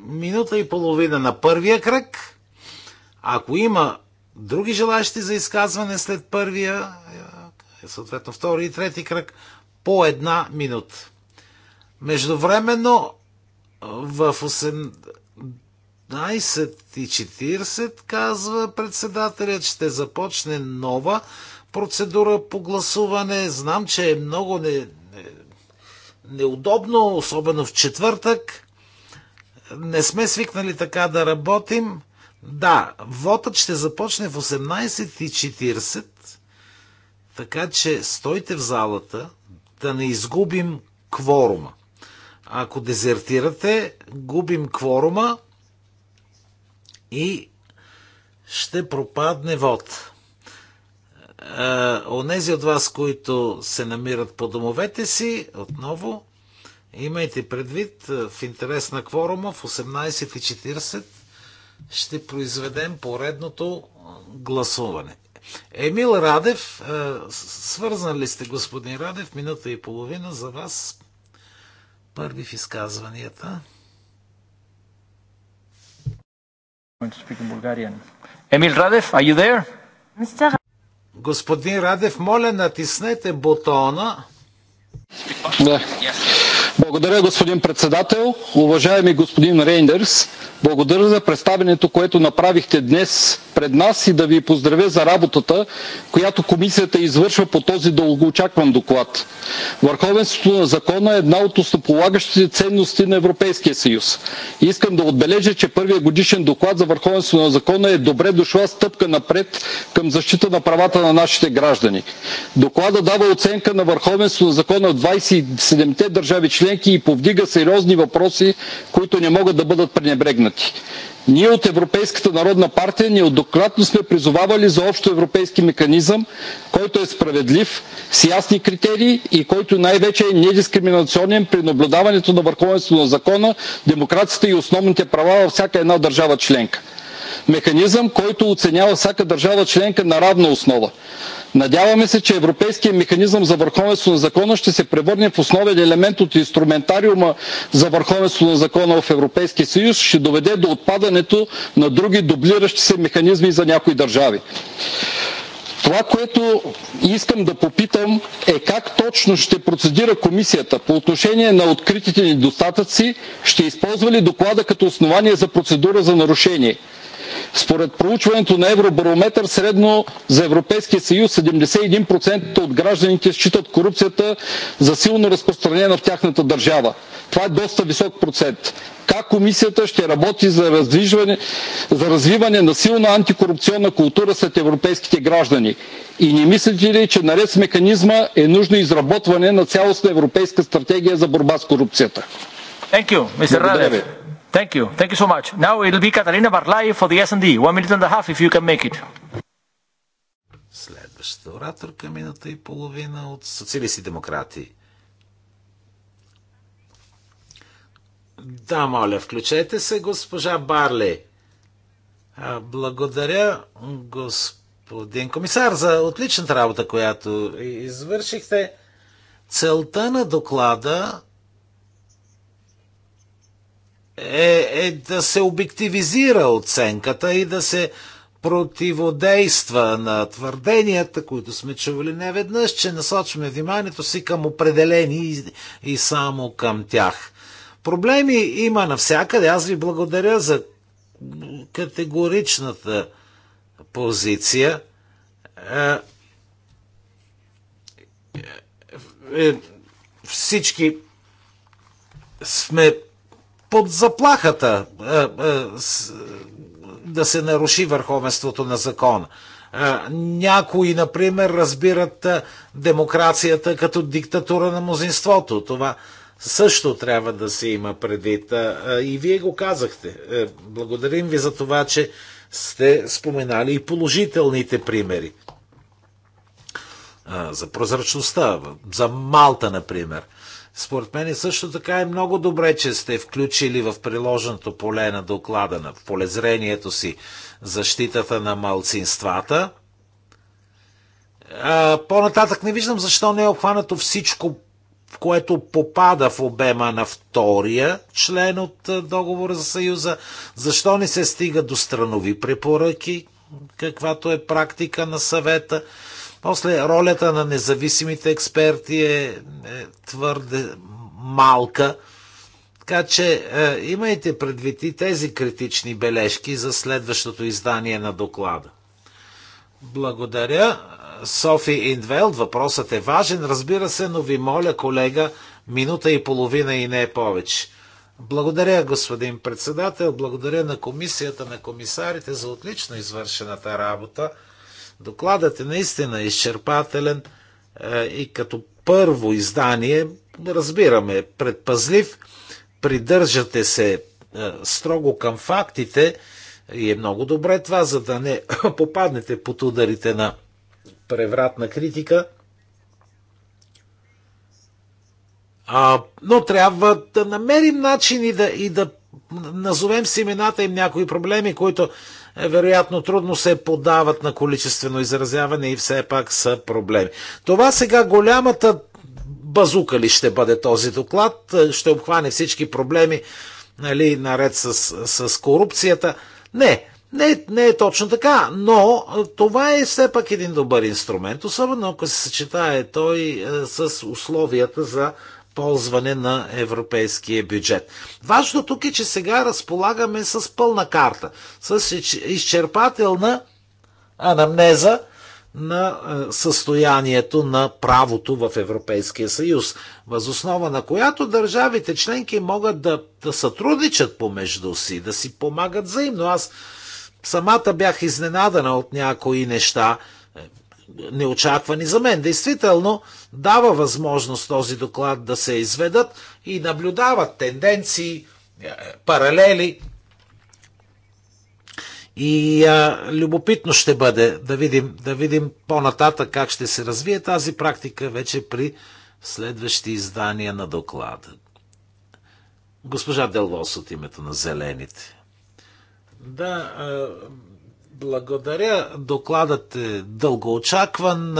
B: минута и половина на първия кръг. Ако има Други желащи за изказване след първия, е, съответно втори и трети кръг, по една минута. Междувременно е, в 18.40, казва председателят, ще започне нова процедура по гласуване. Знам, че е много не, не, неудобно, особено в четвъртък. Не сме свикнали така да работим. Да, вотът ще започне в 18.40, така че стойте в залата, да не изгубим кворума. Ако дезертирате, губим кворума и ще пропадне вод. Е, онези от вас, които се намират по домовете си, отново, имайте предвид е, в интерес на кворума в 18.40 ще произведем поредното гласуване. Емил Радев, свързан ли сте, господин Радев, минута и половина за вас. Първи в изказванията. Емил Радев, are you there? Господин Радев, моля натиснете
A: бутона. Да. Благодаря, господин Председател. Уважаеми господин Рейндерс, благодаря за представенето, което направихте днес пред нас и да Ви поздравя за работата, която Комисията извършва по този дългоочакван доклад. Върховенството на закона е една от основополагащите ценности на Европейския съюз. Искам да отбележа, че първият годишен доклад за върховенството на закона е добре дошла стъпка напред към защита на правата на нашите граждани. Доклада дава оценка на върховенството на закона в 27-те държави членки членки и повдига сериозни въпроси, които не могат да бъдат пренебрегнати. Ние от Европейската народна партия неоднократно сме призовавали за общоевропейски механизъм, който е справедлив, с ясни критерии и който най-вече е недискриминационен при наблюдаването на върховенството на закона, демокрацията и основните права във всяка една държава членка механизъм, който оценява всяка държава членка на равна основа. Надяваме се, че Европейският механизъм за върховенство на закона ще се превърне в основен елемент от инструментариума за върховенство на закона в Европейския съюз, ще доведе до отпадането на други дублиращи се механизми за някои държави. Това, което искам да попитам е как точно ще процедира комисията по отношение на откритите недостатъци, ще използва ли доклада като основание за процедура за нарушение? Според проучването на Евробарометър средно за Европейския съюз 71% от гражданите считат корупцията за силно разпространена в тяхната държава. Това е доста висок процент. Как комисията ще работи за, за развиване на силна антикорупционна култура сред европейските граждани? И не мислите ли, че наред с механизма е нужно изработване на цялостна европейска стратегия за борба с корупцията? Thank you, Mr. Благодаря Thank you. Thank you so much. Now it'll be Каталина Barlai for the S&D. One minute and a half if you can make it.
B: Следващата ораторка минута и половина от социалисти демократи. Да, моля, включете се, госпожа Барли. Благодаря, господин комисар, за отличната работа, която извършихте. Целта на доклада е, е да се обективизира оценката и да се противодейства на твърденията, които сме чували не веднъж, че насочваме вниманието си към определени и, и само към тях. Проблеми има навсякъде. Аз ви благодаря за категоричната позиция. Е, е, е, всички сме под заплахата е, е, да се наруши върховенството на закона. Е, някои, например, разбират демокрацията като диктатура на мнозинството. Това също трябва да се има предвид. И вие го казахте. Благодарим ви за това, че сте споменали и положителните примери. За прозрачността, за Малта, например – според мен е също така е много добре, че сте включили в приложеното поле на доклада, на полезрението си, защитата на малцинствата. по-нататък не виждам защо не е обхванато всичко, което попада в обема на втория член от договора за Съюза. Защо не се стига до странови препоръки, каквато е практика на съвета? После ролята на независимите експерти е, е, твърде малка. Така че е, имайте предвид и тези критични бележки за следващото издание на доклада. Благодаря. Софи Индвелд, въпросът е важен, разбира се, но ви моля, колега, минута и половина и не е повече. Благодаря, господин председател, благодаря на комисията, на комисарите за отлично извършената работа. Докладът е наистина изчерпателен е, и като първо издание, разбираме, предпазлив, придържате се е, строго към фактите и е много добре това, за да не <coughs> попаднете под ударите на превратна критика. А, но трябва да намерим начин и да, и да назовем с имената им някои проблеми, които вероятно трудно се подават на количествено изразяване и все пак са проблеми. Това сега голямата базука ли ще бъде този доклад, е, ще обхване всички проблеми, нали, наред с, с корупцията. Не, не, не е точно така, но е, това е все пак един добър инструмент, особено ако се съчетае той е, с условията за ползване на европейския бюджет. Важно тук е, че сега разполагаме с пълна карта, с изчерпателна анамнеза на е, състоянието на правото в Европейския съюз, възоснова на която държавите членки могат да, да сътрудничат помежду си, да си помагат взаимно. Аз самата бях изненадана от някои неща, неочаквани за мен. Действително дава възможност този доклад да се изведат и наблюдават тенденции, е, паралели. И а, е, любопитно ще бъде да видим, да видим по-нататък как ще се развие тази практика вече при следващи издания на доклада. Госпожа Делвос от името на Зелените. Да, е, благодаря. Докладът е дългоочакван,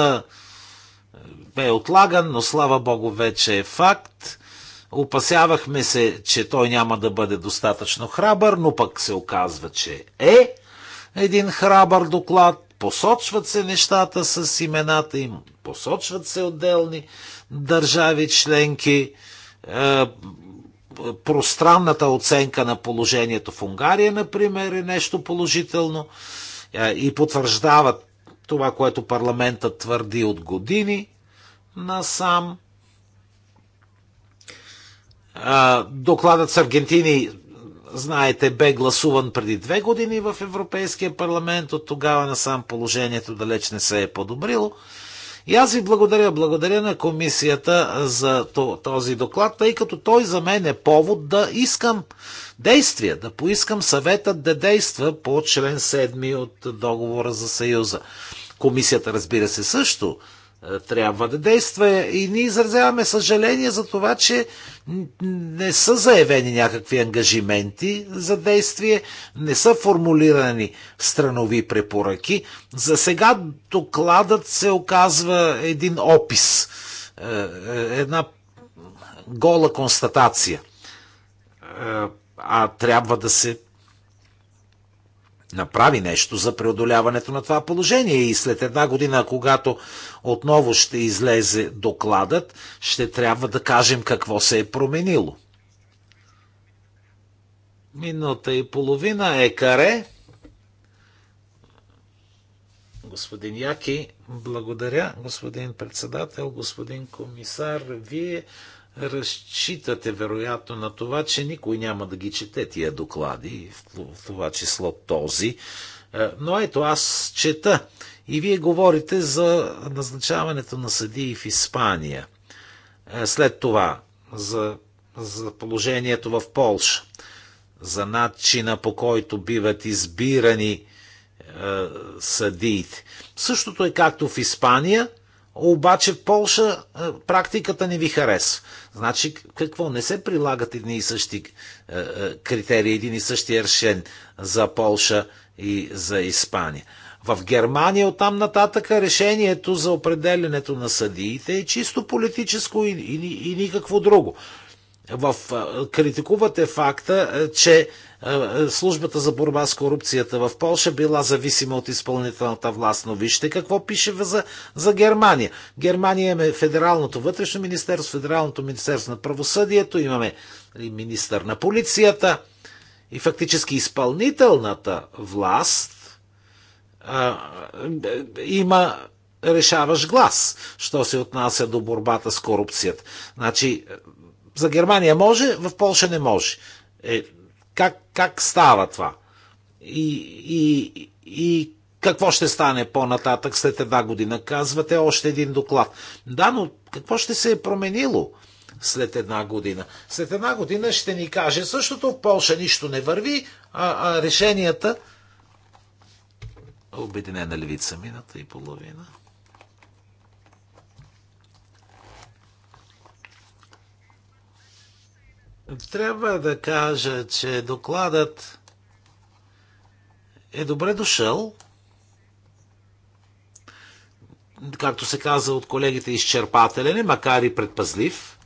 B: бе е отлаган, но слава Богу вече е факт. Опасявахме се, че той няма да бъде достатъчно храбър, но пък се оказва, че е един храбър доклад. Посочват се нещата с имената им, посочват се отделни държави членки. Е, пространната оценка на положението в Унгария, например, е нещо положително. Е, и потвърждават това, което парламента твърди от години насам. Е, докладът с Аргентини, знаете, бе гласуван преди две години в Европейския парламент. От тогава насам положението далеч не се е подобрило. И аз ви благодаря, благодаря на комисията за този доклад, тъй като той за мен е повод да искам действия, да поискам съветът да действа по член 7 от договора за Съюза. Комисията, разбира се, също е, трябва да действа. И ние изразяваме съжаление за това, че не са заявени някакви ангажименти за действие, не са формулирани странови препоръки. За сега докладът се оказва един опис, е, е, една гола констатация. А трябва да се направи нещо за преодоляването на това положение. И след една година, когато отново ще излезе докладът, ще трябва да кажем какво се е променило. Минута и половина е каре. Господин Яки, благодаря. Господин председател, господин комисар, вие Разчитате вероятно на това, че никой няма да ги чете тия доклади, в това число този. Е, но ето, аз чета и вие говорите за назначаването на съдии в Испания. Е, след това за, за положението в Полша, за начина по който биват избирани е, съдиите. Същото е както в Испания – обаче в Полша е, практиката не ви харесва. Значи, какво? Не се прилагат едни и същи е, е, критерии, един и същи решен за Полша и за Испания. В Германия оттам нататък решението за определенето на съдиите е чисто политическо и, и, и никакво друго. В, критикувате факта, че е, е, службата за борба с корупцията в Польша била зависима от изпълнителната власт, но вижте какво пише за, за Германия. Германия е Федералното вътрешно министерство, Федералното министерство на правосъдието, имаме и министър на полицията и фактически изпълнителната власт а, има решаваш глас, що се отнася до борбата с корупцията. Значи, за Германия може, в Польша не може. Е, как, как става това? И, и, и какво ще стане по-нататък след една година? Казвате още един доклад. Да, но какво ще се е променило след една година? След една година ще ни каже същото, в Польша нищо не върви, а, а решенията... Обединена левица мината и половина. Трябва да кажа, че докладът е добре дошъл. Както се каза от колегите, изчерпателен е, макар и предпазлив.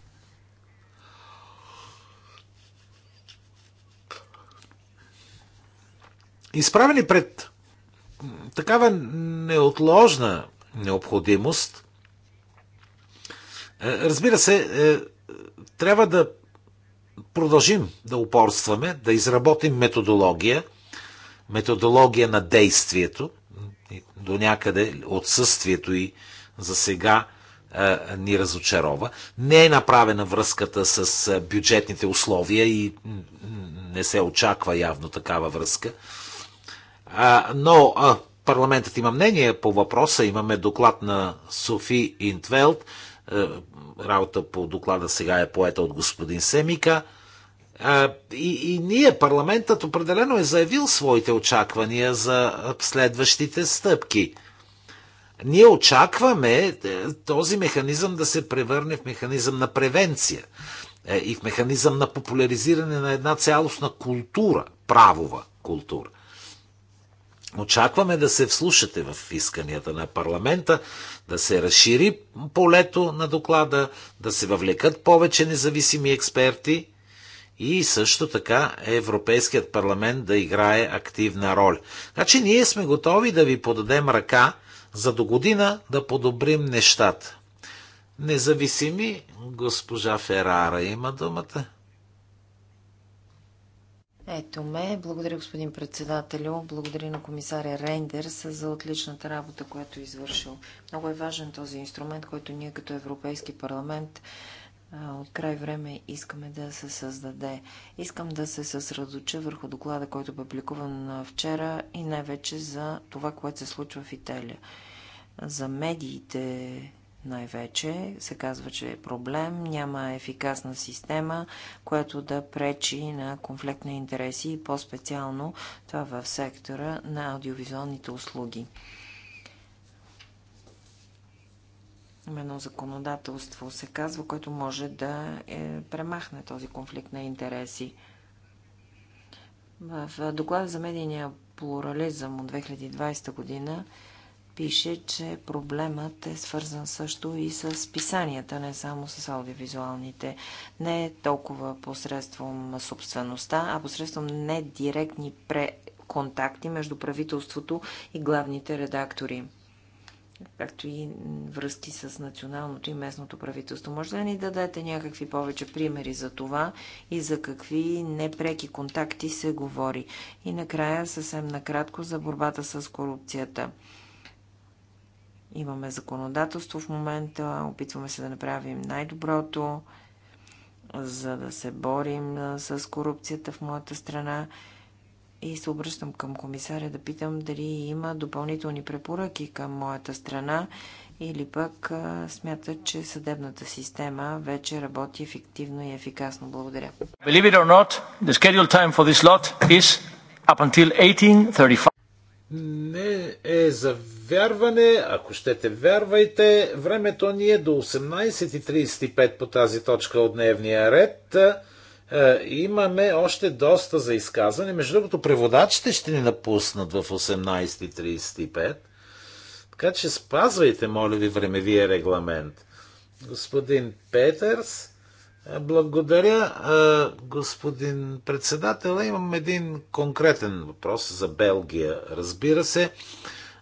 B: Изправени пред такава неотложна необходимост, е, разбира се, е, трябва да продължим да упорстваме, да изработим методология, методология на действието, до някъде отсъствието и за сега ни разочарова. Не е направена връзката с бюджетните условия и не се очаква явно такава връзка. но парламентът има мнение по въпроса. Имаме доклад на Софи Интвелт. Е, работа по доклада сега е поета от господин Семика. И, и ние, парламентът, определено е заявил своите очаквания за следващите стъпки. Ние очакваме е, този механизъм да се превърне в механизъм на превенция е, и в механизъм на популяризиране на една цялостна култура, правова култура. Очакваме да се вслушате в исканията на парламента, да се разшири полето на доклада, да се въвлекат повече независими експерти и също така Европейският парламент да играе активна роля. Значи ние сме готови да ви подадем ръка за до година да подобрим нещата. Независими, госпожа Ферара има думата.
D: Ето ме. Благодаря, господин председателю. Благодаря на комисаря Рейндерс за отличната работа, която е извършил. Много е важен този инструмент, който ние като Европейски парламент от край време искаме да се създаде. Искам да се съсредоча върху доклада, който е публикуван вчера и най-вече за това, което се случва в Италия. За медиите най-вече се казва, че е проблем, няма ефикасна система, която да пречи на конфликт на интереси и по-специално това в сектора на аудиовизуалните услуги. Именно законодателство се казва, което може да е, премахне този конфликт на интереси. В доклада за медийния плурализъм от 2020 година пише, че проблемът е свързан също и с писанията, не само с аудиовизуалните. Не е толкова посредством собствеността, а посредством недиректни контакти между правителството и главните редактори както и връзки с националното и местното правителство. Може да ни дадете някакви повече примери за това и за какви непреки контакти се говори. И накрая съвсем накратко за борбата с корупцията. Имаме законодателство в момента, опитваме се да направим най-доброто, за да се борим с корупцията в моята страна. И се обръщам към комисаря да питам дали има допълнителни препоръки към моята страна или пък смята, че съдебната система вече работи ефективно и ефикасно. Благодаря.
A: Believe it or not, the scheduled time for this lot is up until 18.35.
B: Не е за вярване, ако щете вярвайте, времето ни е до 18.35 по тази точка от дневния ред. Е, имаме още доста за изказване. Между другото, преводачите ще ни напуснат в 18.35. Така че спазвайте, моля ви, времевия регламент. Господин Петърс, е, благодаря. Е, господин председател, имам един конкретен въпрос за Белгия, разбира се.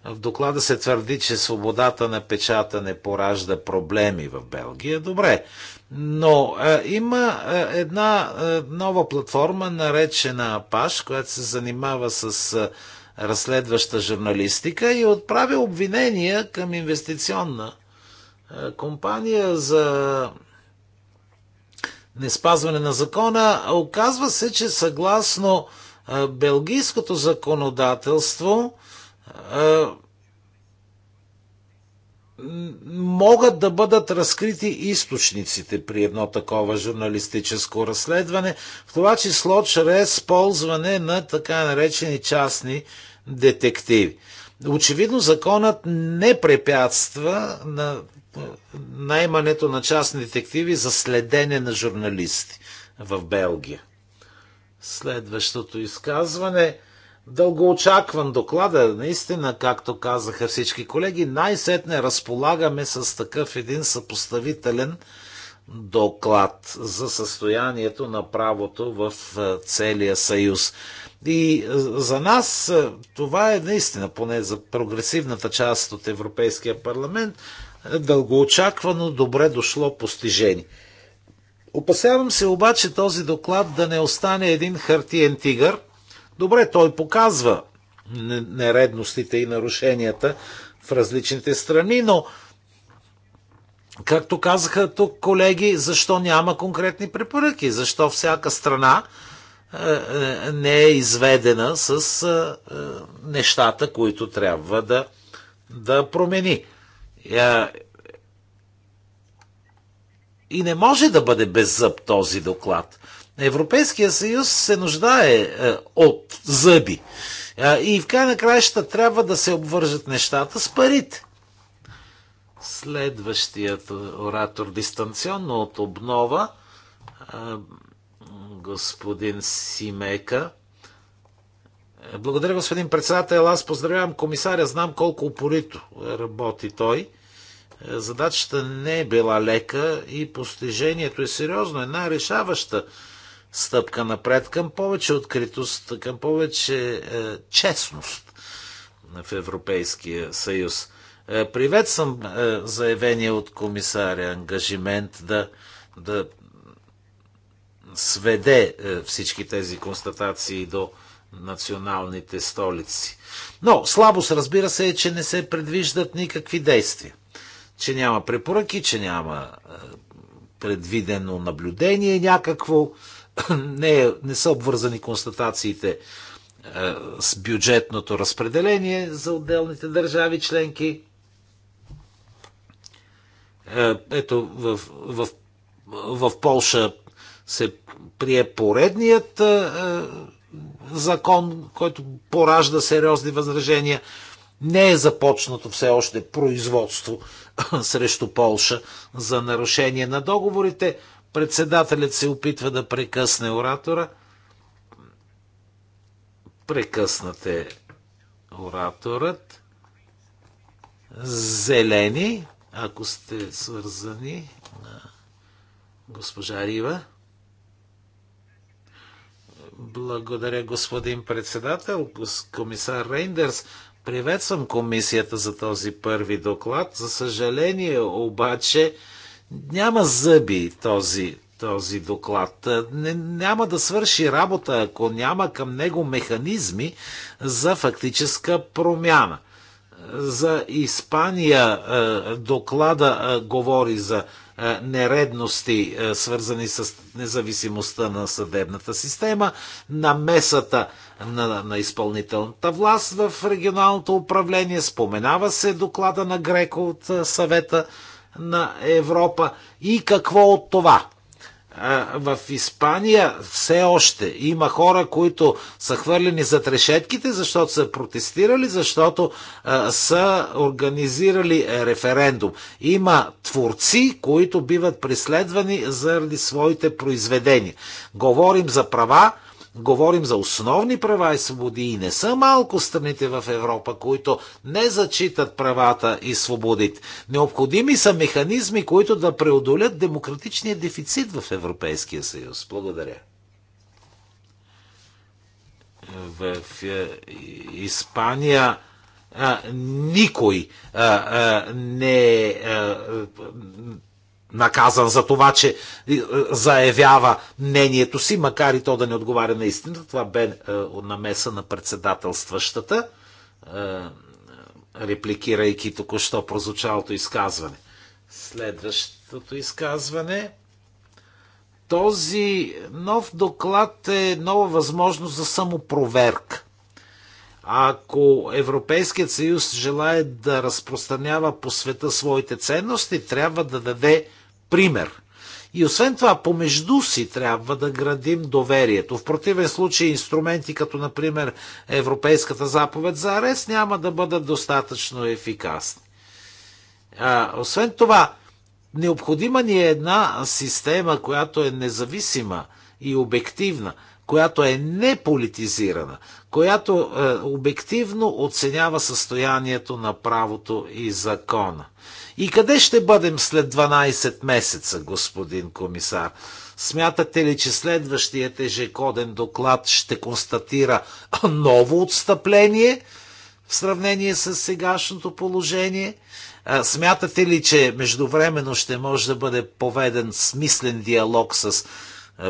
B: В доклада се твърди, че свободата на печатане поражда проблеми в Белгия. Добре, но а, е, има а, е, една а, е, нова платформа, наречена АПАШ, която се занимава с а, разследваща журналистика и отправя обвинения към инвестиционна а, компания за не спазване на закона. Оказва се, че съгласно а, белгийското законодателство, могат да бъдат разкрити източниците при едно такова журналистическо разследване, в това число чрез ползване на така наречени частни детективи. Очевидно законът не препятства на наймането на частни детективи за следене на журналисти в Белгия. Следващото изказване дългоочакван доклада, наистина, както казаха всички колеги, най-сетне разполагаме с такъв един съпоставителен доклад за състоянието на правото в е, целия съюз. И е, за нас е, това е наистина, поне за прогресивната част от Европейския парламент, дългоочаквано, добре дошло постижение. Опасявам се обаче този доклад да не остане един хартиен тигър – Добре, той показва нередностите и нарушенията в различните страни, но както казаха тук колеги, защо няма конкретни препоръки? Защо всяка страна е, е, не е изведена с е, нещата, които трябва да, да промени? И не може да бъде беззъб този доклад. Европейския съюз се нуждае е, от зъби. И в край на краища трябва да се обвържат нещата с парите. Следващият оратор дистанционно от обнова е, господин Симека. Благодаря, господин председател. Аз поздравявам комисаря. Знам колко упорито работи той. Задачата не е била лека и постижението е сериозно. Една решаваща стъпка напред към повече откритост, към повече е, честност в Европейския съюз. Е, приветствам е, заявение от комисаря ангажимент да, да сведе е, всички тези констатации до националните столици. Но слабост, разбира се, е, че не се предвиждат никакви действия. Че няма препоръки, че няма е, предвидено наблюдение някакво. Е, <coughs> не, не са обвързани констатациите е, с бюджетното разпределение за отделните държави членки. Е, ето в, в, в Полша се прие поредният е, закон, който поражда сериозни възражения. Не е започнато все още производство <coughs> срещу Полша за нарушение на договорите. Председателят се опитва да прекъсне оратора. Прекъснате ораторът. Зелени, ако сте свързани на госпожа Рива. Благодаря, господин председател, комисар Рейндерс. Приветствам комисията за този първи доклад. За съжаление, обаче, няма зъби този, този доклад. Е, не, няма да свърши работа, ако няма към него механизми за фактическа промяна. За Испания е, доклада е, говори за нередности, свързани с независимостта на съдебната система, намесата на, на изпълнителната власт в регионалното управление. Споменава се доклада на Греко от съвета на Европа и какво от това? в Испания все още има хора, които са хвърлени за решетките, защото са протестирали, защото са организирали референдум. Има творци, които биват преследвани заради своите произведения. Говорим за права, Говорим за основни права и свободи и не са малко страните в Европа, които не зачитат правата и свободите. Необходими са механизми, които да преодолят демократичния дефицит в Европейския съюз. Благодаря. В е, Испания никой не наказан за това, че е, заявява мнението си, макар и то да не отговаря на истината. Това бе е, намеса на председателстващата, е, репликирайки току-що прозвучалото изказване. Следващото изказване. Този нов доклад е нова възможност за самопроверка. Ако Европейският съюз желая да разпространява по света своите ценности, трябва да даде пример. И освен това, помежду си трябва да градим доверието. В противен случай инструменти, като например Европейската заповед за арест, няма да бъдат достатъчно ефикасни. А, освен това, необходима ни е една система, която е независима и обективна, която е неполитизирана, която е, обективно оценява състоянието на правото и закона. И къде ще бъдем след 12 месеца, господин комисар? Смятате ли, че следващият ежекоден доклад ще констатира ново отстъпление в сравнение с сегашното положение? Смятате ли, че междувременно ще може да бъде поведен смислен диалог с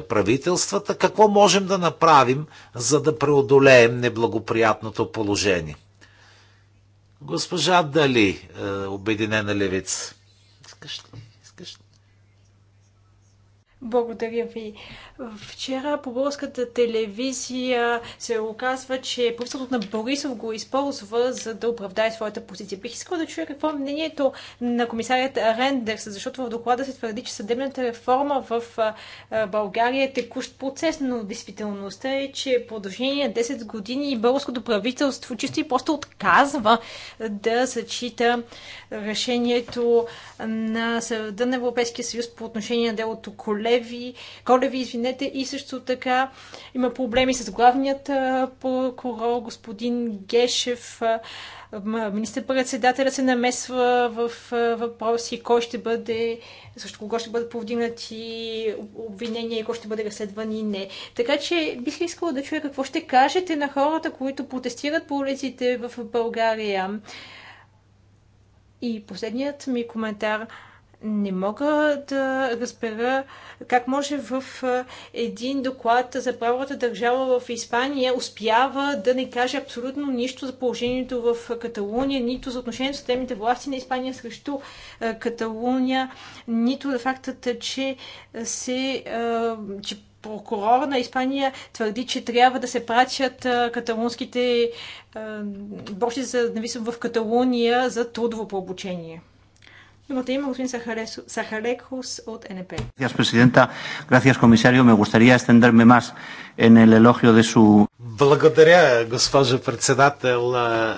B: правителствата? Какво можем да направим, за да преодолеем неблагоприятното положение? Госпожа Дали, е, Обединена левица. Искаш ли? Искаш ли?
C: Благодаря ви. Вчера по българската телевизия се оказва, че правителството на Борисов го използва, за да оправдае своята позиция. Бих искала да чуя какво е мнението на комисарият Рендерс, защото в доклада се твърди, че съдебната реформа в България е текущ процес, но действителността е, че продължение на 10 години българското правителство чисто и просто отказва да зачита решението на Съда на Европейския съюз по отношение на делото Коле Леви, Колеви, извинете, и също така има проблеми с главният прокурор, господин Гешев. Министър-председателя се намесва в въпроси кой ще бъде, също кого ще бъдат повдигнати обвинения и кой ще бъде разследван и не. Така че бих искала да чуя какво ще кажете на хората, които протестират по улиците в България. И последният ми коментар – не мога да разбера как може в един доклад за правовата държава в Испания успява да не каже абсолютно нищо за положението в Каталуния, нито за отношението с съдебните власти на Испания срещу Каталуния, нито за фактът, че се че прокурор на Испания твърди, че трябва да се пратят каталунските борщи за независимо в Каталуния за трудово пообучение. Думата има господин Сахарекхус от НП.
A: Gracias, presidenta. Gracias, comisario. Me gustaría extenderme más en el elogio de su...
B: Благодаря, госпожо председател.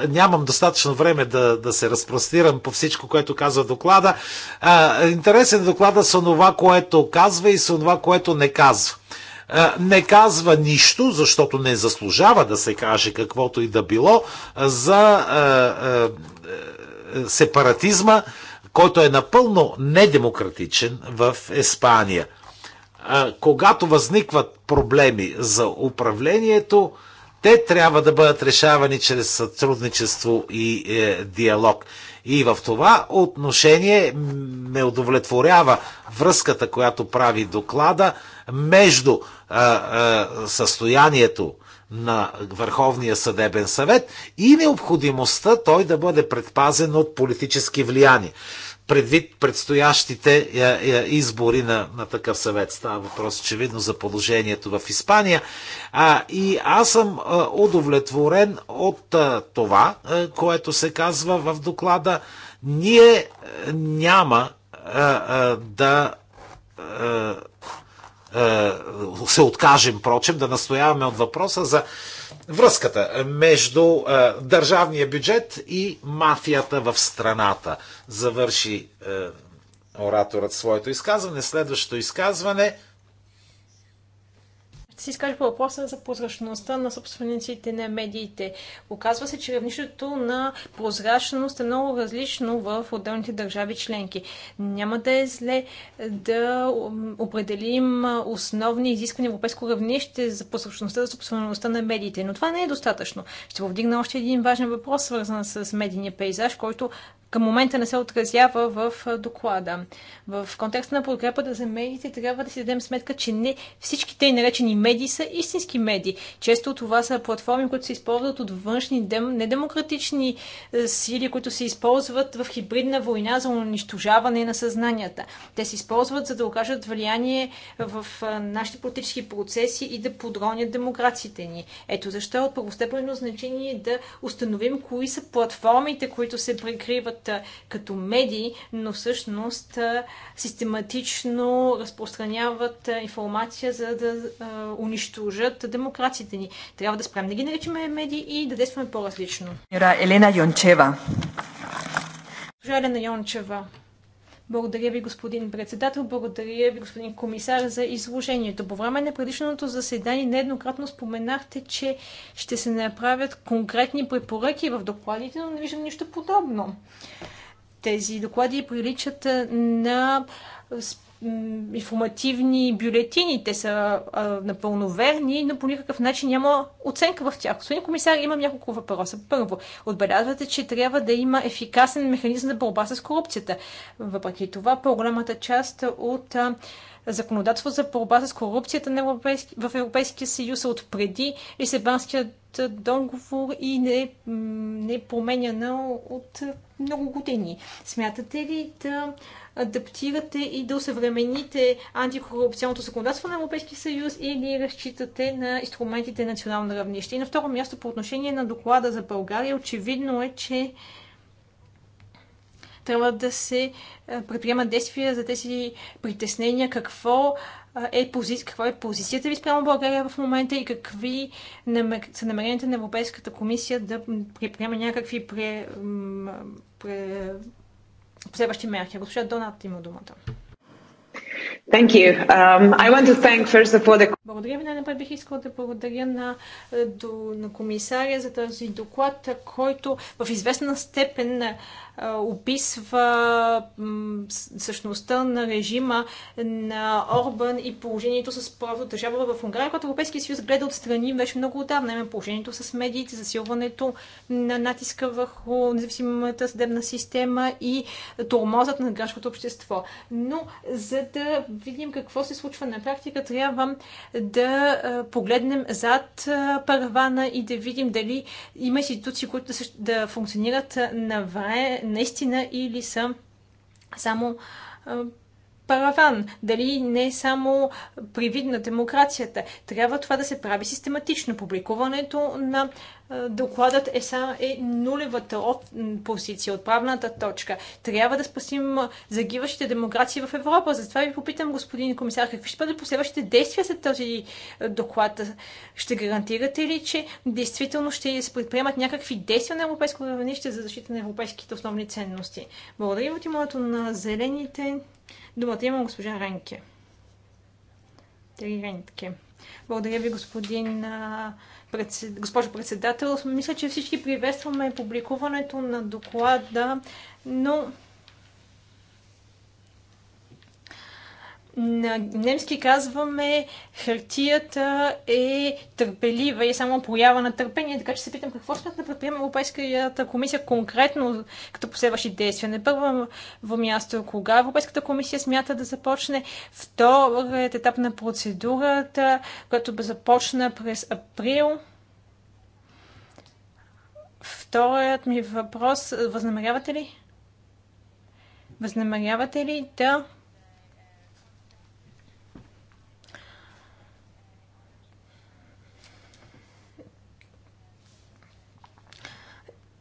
B: Нямам достатъчно време да, да се разпростирам по всичко, което казва доклада. Интересен доклада е са това, което казва и са онова, което не казва не казва нищо, защото не заслужава да се каже каквото и да било за е, е, сепаратизма, който е напълно недемократичен в Испания. Когато възникват проблеми за управлението, те трябва да бъдат решавани чрез сътрудничество и е, диалог. И в това отношение ме удовлетворява връзката, която прави доклада между е, е, състоянието на Върховния съдебен съвет и необходимостта той да бъде предпазен от политически влияния. Предвид предстоящите е, е, избори на, на такъв съвет. Става въпрос очевидно за положението в Испания. А, и аз съм е, удовлетворен от това, което се казва в доклада. Ние няма да е, се откажем, прочем, да настояваме от въпроса за връзката между е, държавния бюджет и мафията в страната. Завърши е, ораторът своето изказване. Следващото изказване –
C: си изкажа по въпроса за прозрачността на собствениците на медиите. Оказва се, че равнището на прозрачност е много различно в отделните държави членки. Няма да е зле да определим основни изисквания европейско равнище за прозрачността за собствеността на медиите, но това не е достатъчно. Ще повдигна още един важен въпрос, свързан с медийния пейзаж, който към момента не се отразява в доклада. В контекста на подкрепата за медиите трябва да си дадем сметка, че не всички те наречени медии са истински медии. Често това са платформи, които се използват от външни дем... недемократични сили, които се използват в хибридна война за унищожаване на съзнанията. Те се използват за да окажат влияние в нашите политически процеси и да подронят демокрациите ни. Ето защо е от първостепенно значение да установим кои са платформите, които се прикриват използват като медии, но всъщност систематично разпространяват информация, за да унищожат демокрацията ни. Трябва да спрем да ги наричаме медии и да действаме по-различно.
D: Елена Йончева.
C: Елена Йончева. Благодаря ви, господин председател. Благодаря ви, господин комисар, за изложението. По време на предишното заседание нееднократно споменахте, че ще се направят конкретни препоръки в докладите, но не виждам нищо подобно. Тези доклади приличат на информативни бюлетини. Те са а, напълно верни, но по никакъв начин няма оценка в тях. Господин комисар, имам няколко въпроса. Първо, отбелязвате, че трябва да има ефикасен механизъм за борба с корупцията. Въпреки това, по-голямата част от а, законодателство за борба с корупцията на Европейски, в Европейския съюз от преди Лисебанският договор и не, не е променяна от много години. Смятате ли да адаптирате и да усъвремените антикорупционното законодателство на Европейския съюз или разчитате на инструментите на национално равнище? И на второ място, по отношение на доклада за България, очевидно е, че трябва да се е, предприемат действия за тези притеснения. Какво е, е пози... каква е позицията ви спрямо България в момента и какви намер... са намеренията на Европейската комисия да предприема някакви пре... Пре... Следващи мерки. Госпожа Донат има думата. Thank you. Um, I want to thank first of all the... Благодаря ви. Най-напред бих искала да благодаря на, е, на комисаря за този доклад, който в известна степен е, описва същността на режима на Орбан и положението с правото държава в Унгария, което Европейския съюз гледа отстрани вече много отдавна. Има положението с медиите, засилването на натиска върху независимата съдебна система и тормозът на гражданското общество. Но за да видим какво се случва на практика, трябва да погледнем зад паравана и да видим дали има институции, които да функционират навае, наистина или са само параван, дали не е само привид на демокрацията. Трябва това да се прави систематично. Публикуването на докладът е, сам, е нулевата от, позиция, отправната точка. Трябва да спасим загиващите демокрации в Европа. Затова ви попитам, господин комисар, какви ще бъдат последващите действия за този е, доклад? Ще гарантирате ли, че действително ще се предприемат някакви действия на европейско равнище за защита на европейските основни ценности? Благодаря от името на зелените Думата има госпожа Ренке. Три Ренке. Благодаря ви, господин председ... госпожо председател. Мисля, че всички приветстваме публикуването на доклада, но на немски казваме хартията е търпелива и е само проява на търпение, така че се питам какво смята да предприема Европейската комисия конкретно като последващи действия. На първо място, кога Европейската комисия смята да започне вторият етап на процедурата, която бе започна през април Вторият ми въпрос, възнамерявате ли? Възнамерявате ли да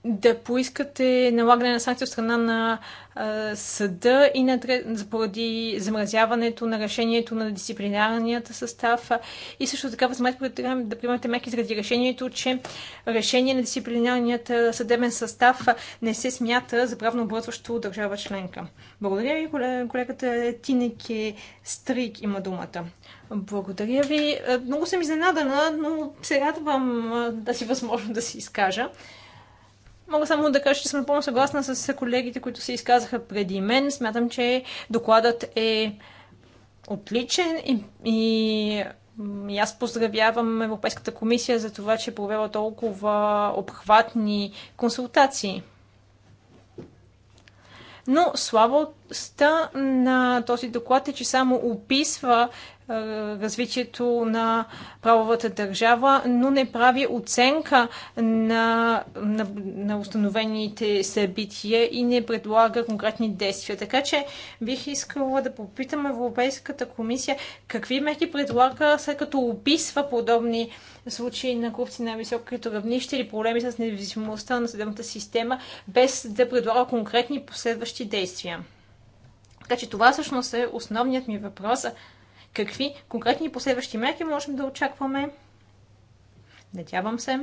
C: да поискате налагане на санкция от страна на а, съда и на, поради замразяването на решението на дисциплинарнията състав. И също така възможност е да приемате мерки заради решението, че решение на дисциплинарният съдебен състав не се смята за правно обвързващо държава членка. Благодаря ви, колегата Тинеке Стрик има думата. Благодаря ви. Е, много съм изненадана, но се радвам да си възможно да си изкажа. Мога само да кажа, че съм напълно съгласна с колегите, които се изказаха преди мен. Смятам, че докладът е отличен и, и, и аз поздравявам Европейската комисия за това, че е провела толкова обхватни консултации. Но слабостта на този доклад е, че само описва е, развитието на правовата държава, но не прави оценка на, на, на установените събития и не предлага конкретни действия. Така че бих искала да попитам Европейската комисия какви мерки предлага, след като описва подобни случаи на корупция на високото равнище или проблеми с независимостта на съдебната система, без да предлага конкретни последващи действия. Така че това всъщност е основният ми въпрос. Какви конкретни последващи мерки можем да очакваме? Надявам се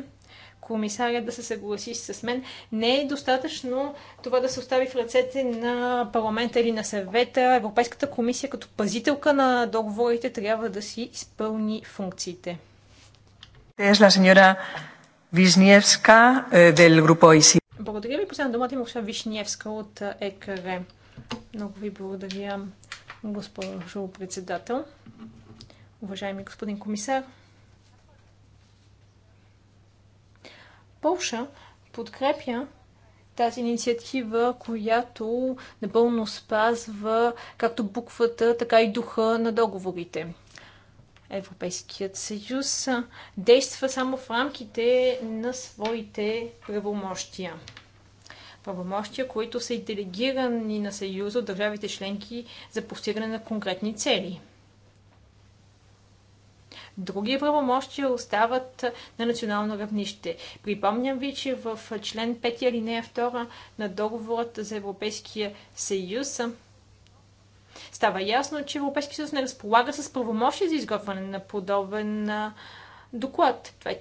C: комисаря да се съгласи с мен. Не е достатъчно това да се остави в ръцете на парламента или на съвета. Европейската комисия като пазителка на договорите трябва да си изпълни функциите.
D: Es la Вишневска del е, grupo
C: Благодаря ви. Последна думата има Вишневска от ЕКР. Много ви благодаря, госпожо председател, уважаеми господин комисар. Полша подкрепя тази инициатива, която напълно спазва както буквата, така и духа на договорите. Европейският съюз действа само в рамките на своите правомощия правомощия, които са и делегирани на Съюза от държавите членки за постигане на конкретни цели. Други правомощия остават на национално равнище. Припомням ви, че в член 5 алинея 2 на договорът за Европейския съюз става ясно, че Европейския съюз не разполага с правомощия за изготвяне на подобен доклад. Това е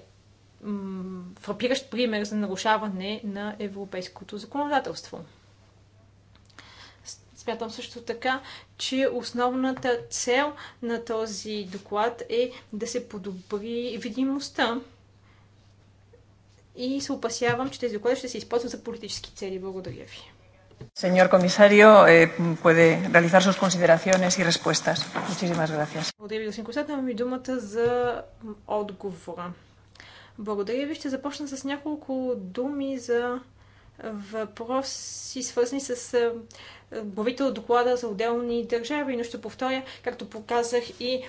C: фрапиращ пример за нарушаване на европейското законодателство. Смятам също така, че основната цел на този доклад е да се подобри видимостта и се опасявам, че тези доклади ще се използват за политически цели. Благодаря ви.
D: Señor comisario, eh, puede realizar sus consideraciones y respuestas. Muchísimas gracias.
C: Благодаря ви, господин комисар. Ми думата за отговора. Благодаря ви. Ще започна с няколко думи за въпроси, свързани с е, е, главите от доклада за отделни държави, но ще повторя, както показах и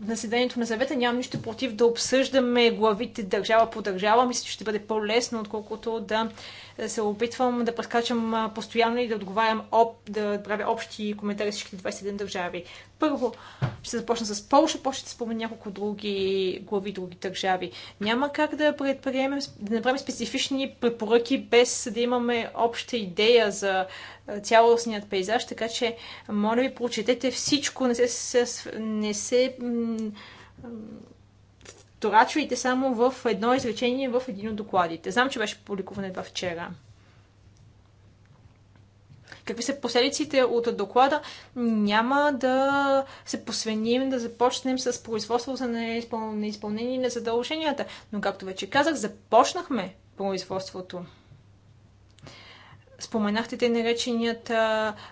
C: наседанието е, на завета нямам нищо против да обсъждаме главите държава по държава. Мисля, че ще бъде по-лесно, отколкото да се опитвам да прескачам постоянно и да отговарям, об, да правя общи коментари с всички 27 държави. Първо ще започна с Польша, после ще спомена няколко други глави, други държави. Няма как да предприемем, да направим специфични препоръки без да имаме обща идея за цялостният пейзаж, така че моля ви, прочетете всичко, не се, не се вторачвайте само в едно изречение в един от докладите. Знам, че беше публикуване това вчера какви са последиците от доклада, няма да се посвеним да започнем с производство за неизпълнение на задълженията. Но, както вече казах, започнахме производството. Споменахте те нареченият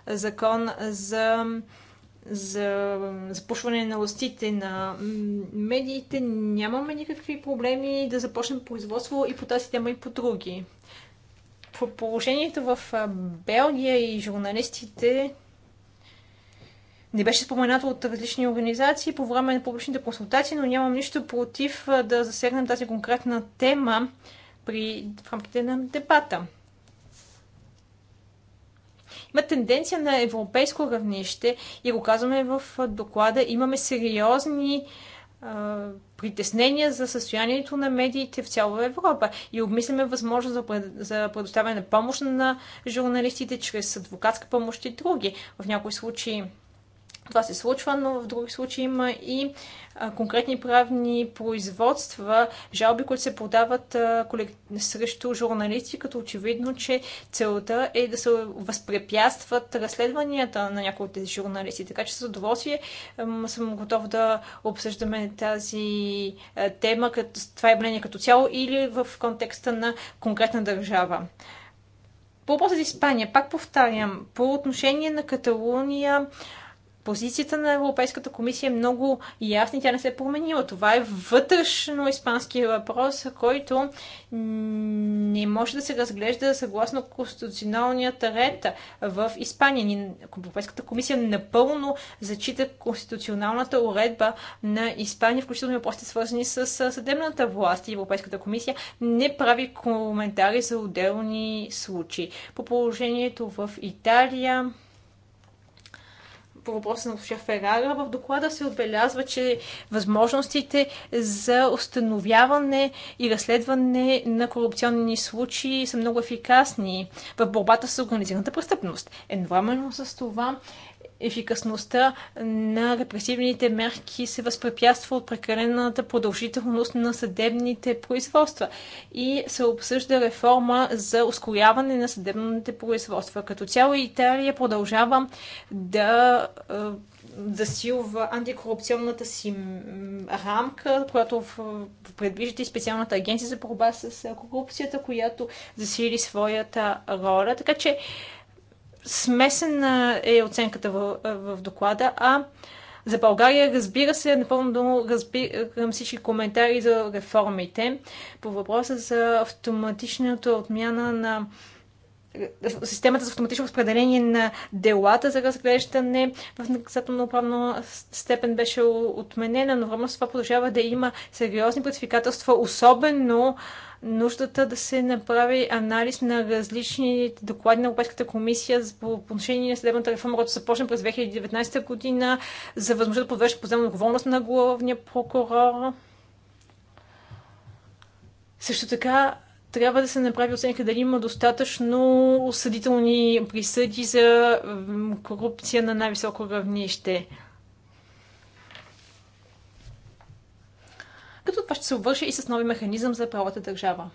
C: закон за за запушване на ластите на медиите, нямаме никакви проблеми да започнем производство и по тази тема и по други по положението в Белгия и журналистите не беше споменато от различни организации по време на публичните консултации, но нямам нищо против да засегнем тази конкретна тема при, в рамките на дебата. Има тенденция на европейско равнище и го казваме в доклада. Имаме сериозни притеснения за състоянието на медиите в цяла Европа и обмисляме възможност за, предоставяне на помощ на журналистите чрез адвокатска помощ и други. В някои случаи това се случва, но в други случаи има и конкретни правни производства, жалби, които се подават срещу журналисти, като очевидно, че целта е да се възпрепятстват разследванията на някои от тези журналисти. Така че с удоволствие съм готов да обсъждаме тази тема, като това явление като цяло или в контекста на конкретна държава. По въпроса за Испания, пак повтарям, по отношение на Каталуния, Позицията на Европейската комисия е много ясна и тя не се е променила. Това е вътрешно испански въпрос, който не може да се разглежда съгласно конституционалният ред в Испания. Европейската комисия напълно зачита конституционалната уредба на Испания, включително въпросите свързани с съдебната власт и Европейската комисия не прави коментари за отделни случаи. По положението в Италия, по въпроса на госпожа Ферара, в доклада се отбелязва, че възможностите за установяване и разследване на корупционни случаи са много ефикасни в борбата с организираната престъпност. Едновременно с това ефикасността на репресивните мерки се възпрепятства от прекалената продължителност на съдебните производства и се обсъжда реформа за ускоряване на съдебните производства. Като цяло Италия продължава да засилва е, антикорупционната си рамка, която предвижда и специалната агенция за борба с е, корупцията, която засили своята роля. Така че смесена е оценката в, в доклада, а за България, разбира се, напълно разбирам всички коментари за реформите. По въпроса за автоматичната отмяна на системата за автоматично разпределение на делата за разглеждане в наказателно правна степен беше отменена, но време с това продължава да има сериозни предизвикателства, особено нуждата да се направи анализ на различни доклади на Европейската комисия по отношение на съдебната реформа, която започна през 2019 година, за възможността да подвежда подземна отговорност на главния прокурор. Също така трябва да се направи оценка дали има достатъчно осъдителни присъди за корупция на най-високо равнище. Като това ще се обвърши и с нови механизъм за правата държава.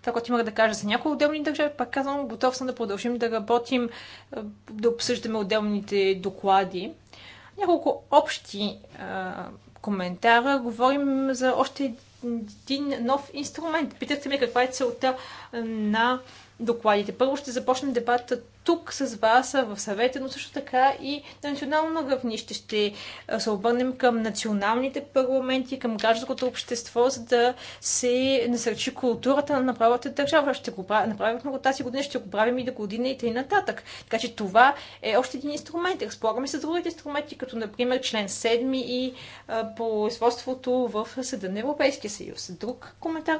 C: Това, което имах да кажа за някои отделни държави, пак казвам, готов съм да продължим да работим, е, да обсъждаме отделните доклади. Няколко общи а, е, коментара. Говорим за още един нов инструмент. Питате ме каква е целта на докладите. Първо ще започнем дебата тук с вас в съвета, но също така и на национално равнище ще се обърнем към националните парламенти, към гражданското общество, за да се насърчи културата на правата държава. Ще го направим много тази година, ще го правим и до година и тъй нататък. Така че това е още един инструмент. Разполагаме с другите инструменти, като например член 7 и а, производството в Съда на Европейския съюз. Друг коментар.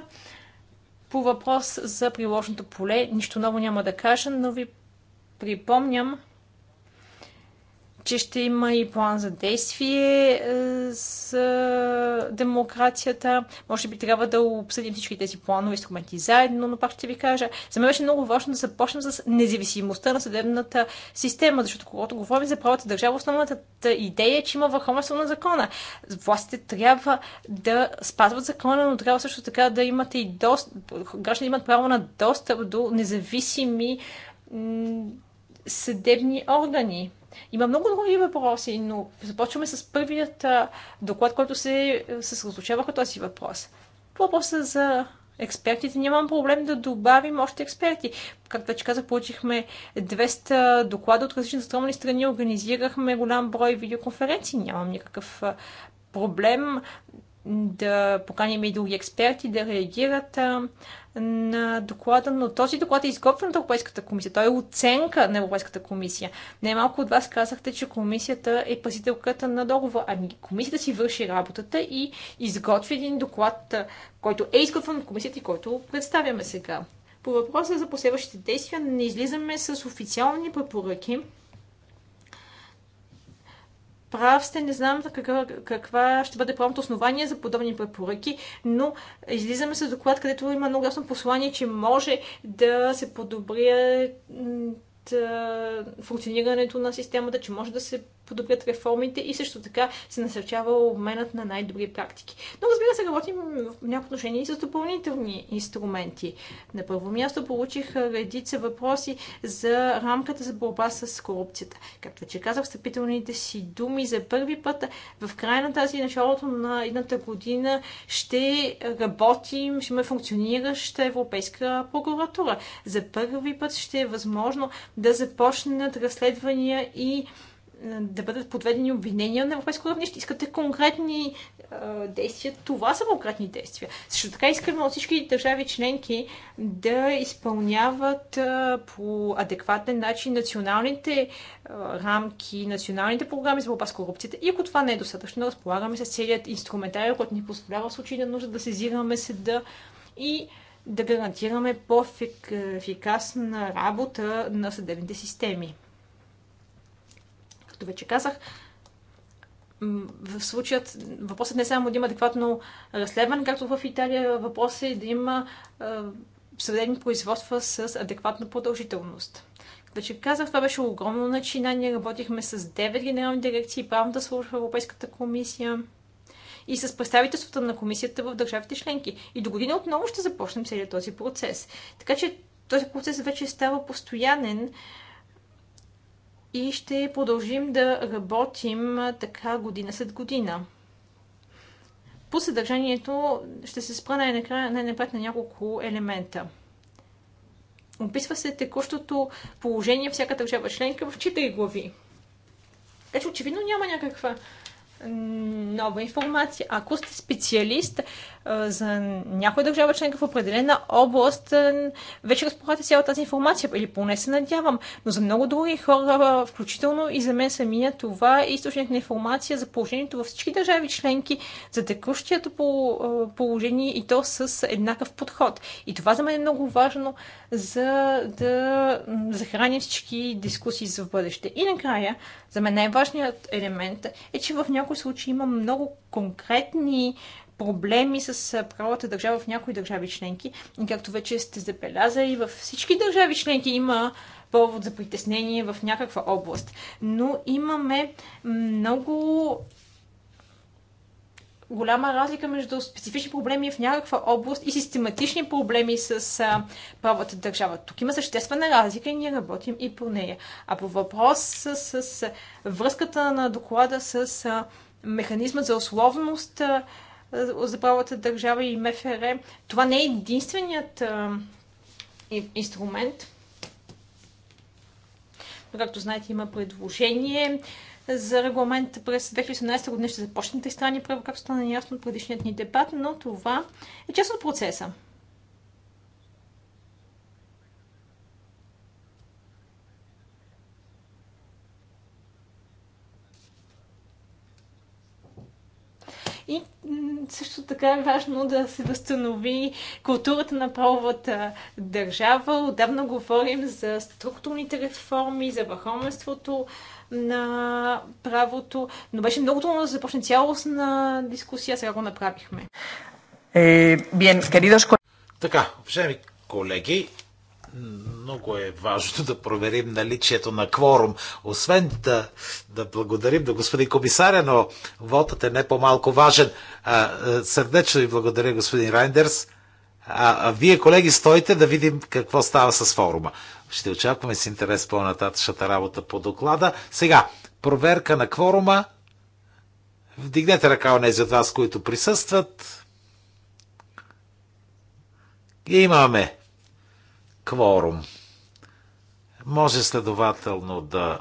C: По въпрос за приложното поле, нищо ново няма да кажа, но ви припомням, че ще има и план за действие е, с е, демокрацията. Може би трябва да обсъдим всички тези планове инструменти заедно, но пак ще ви кажа, за мен беше много важно да започнем с независимостта на съдебната система, защото когато говорим за правата държава, основната идея е, че има върховенство на закона. Властите трябва да спазват закона, но трябва също така да имат и доста, гражданите имат право на достъп до независими съдебни органи. Има много други въпроси, но започваме с първият доклад, който се съсредоточава като този въпрос. По въпроса за експертите. Нямам проблем да добавим още експерти. Както вече казах, получихме 200 доклада от различни страни страни, организирахме голям брой видеоконференции. Нямам никакъв проблем да поканим и други експерти да реагират на доклада, но този доклад е изготвен от Европейската комисия. Той е оценка на Европейската комисия. Най-малко от вас казахте, че комисията е пазителката на договора. Ами комисията си върши работата и изготви един доклад, който е изготвен от комисията и който представяме сега. По въпроса за последващите действия не излизаме с официални препоръки, Прав сте, не знам за каква, каква ще бъде правното основание за подобни препоръки, но излизаме с доклад, където има много ясно послание, че може да се подобри функционирането на системата, че може да се подобрят реформите и също така се насърчава обменът на най-добри практики. Но разбира се, работим в някои отношения и с допълнителни инструменти. На първо място получих редица въпроси за рамката за борба с корупцията. Както че казах, встъпителните си думи за първи път в края на тази началото на едната година ще работим, ще има функционираща европейска прокуратура. За първи път ще е възможно да започнат разследвания и да бъдат подведени обвинения на европейско равнище. Искате конкретни е, действия. Това са конкретни действия. Също така искаме от всички държави членки да изпълняват е, по адекватен начин националните е, рамки, националните програми за борба с корупцията. И ако това не е достатъчно, разполагаме с целият инструментарий, който ни позволява в случай на нужда да сезираме съда и да гарантираме по-ефикасна работа на съдебните системи както вече казах, в случаят въпросът не е само да има адекватно разследване, както в Италия, въпросът е да има съдебни производства с адекватна продължителност. Като Вече казах, това беше огромно начинание. Работихме с 9 генерални дирекции, правната служба в Европейската комисия и с представителството на комисията в държавите членки. И до година отново ще започнем целият този процес. Така че този процес вече става постоянен и ще продължим да работим така година след година. По съдържанието ще се спра най-напред на няколко елемента. Описва се текущото положение всяка държава членка в 4 глави. Ето, очевидно няма някаква нова информация. Ако сте специалист, за някоя държава членка в определена област вече разполагате цялата тази информация, или поне се надявам. Но за много други хора, включително и за мен самия, това е източник на информация за положението във всички държави членки, за текущото положение и то с еднакъв подход. И това за мен е много важно, за да захраня всички дискусии за бъдеще. И накрая, за мен най-важният елемент е, че в някои случаи има много конкретни проблеми с правата държава в някои държави членки. И както вече сте забелязали, във всички държави членки има повод за притеснение в някаква област. Но имаме много голяма разлика между специфични проблеми в някаква област и систематични проблеми с а, правата държава. Тук има съществена разлика и ние работим и по нея. А по въпрос с, с, с връзката на доклада с а, механизма за условност, а, за правата държава и МФР. Това не е единственият инструмент. Но, както знаете, има предложение за регламент през 2018 година ще започнете страни права, както стана ясно от предишният ни дебат, но това е част от процеса. И също така е важно да се възстанови културата на правовата държава. Отдавна говорим за структурните реформи, за върховенството на правото, но беше много трудно да започне цялостна дискусия, сега го направихме.
B: Е, Така, уважаеми колеги, много е важно да проверим наличието на кворум. Освен да, да благодарим до да господин комисаря, но вотът е не по-малко важен. А, сърдечно ви благодаря, господин Райндерс. А, а вие, колеги, стойте да видим какво става с форума. Ще очакваме с интерес по-нататъчната работа по доклада. Сега, проверка на кворума. Вдигнете ръка онези от вас, които присъстват. Имаме кворум. Може следователно да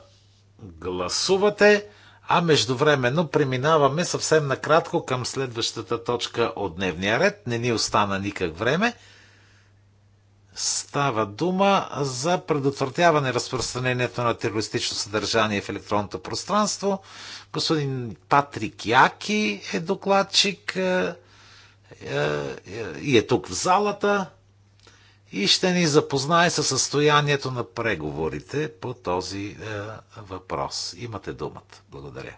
B: гласувате, а междувременно преминаваме съвсем накратко към следващата точка от дневния ред. Не ни остана никак време. Става дума за предотвратяване разпространението на терористично съдържание в електронното пространство. Господин Патрик Яки е докладчик е, е, е, и е тук в залата и ще ни запознае със състоянието на преговорите по този е, въпрос. Имате думата. Благодаря.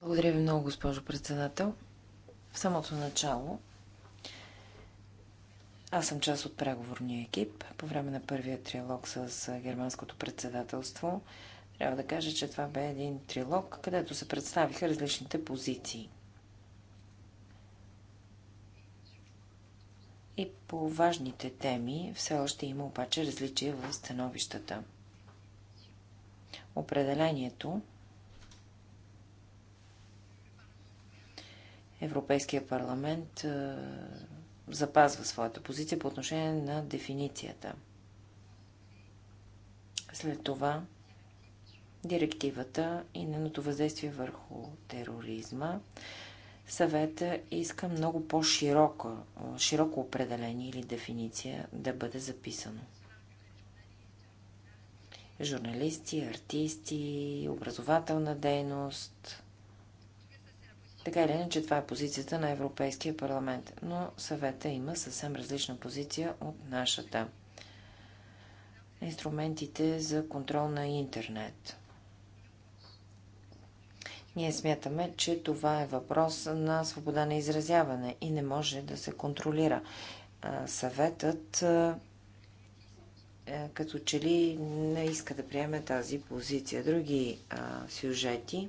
D: Благодаря ви много, госпожо председател. В самото начало аз съм част от преговорния екип. По време на първия трилог с е, германското председателство трябва да кажа, че това бе един трилог, където се представиха различните позиции. И по важните теми все още има обаче различия в становищата. Определението Европейския парламент е, запазва своята позиция по отношение на дефиницията. След това директивата и неното въздействие върху тероризма съвета иска много по-широко широко определение или дефиниция да бъде записано. Журналисти, артисти, образователна дейност. Така или иначе, това е позицията на Европейския парламент, но съвета има съвсем различна позиция от нашата. Инструментите за контрол на интернет – ние смятаме, че това е въпрос на свобода на изразяване и не може да се контролира. Съветът е, като че ли не иска да приеме тази позиция. Други сюжети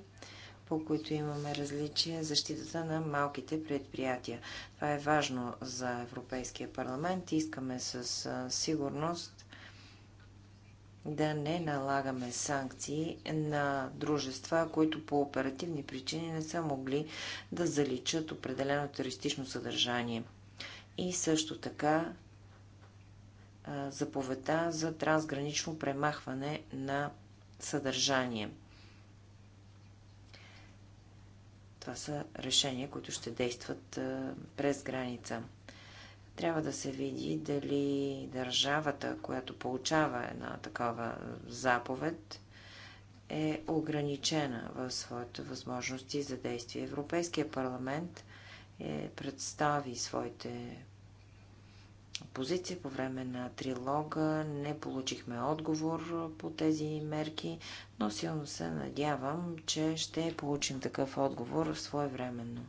D: по които имаме различия, защитата на малките предприятия. Това е важно за Европейския парламент. Искаме с сигурност да не налагаме санкции на дружества, които по оперативни причини не са могли да заличат определено терористично съдържание. И също така заповедта за трансгранично премахване на съдържание. Това са решения, които ще действат през граница. Трябва да се види дали държавата, която получава една такава заповед, е ограничена в своите възможности за действие. Европейския парламент е, представи своите позиции по време на трилога. Не получихме отговор по тези мерки, но силно се надявам, че ще получим такъв отговор своевременно.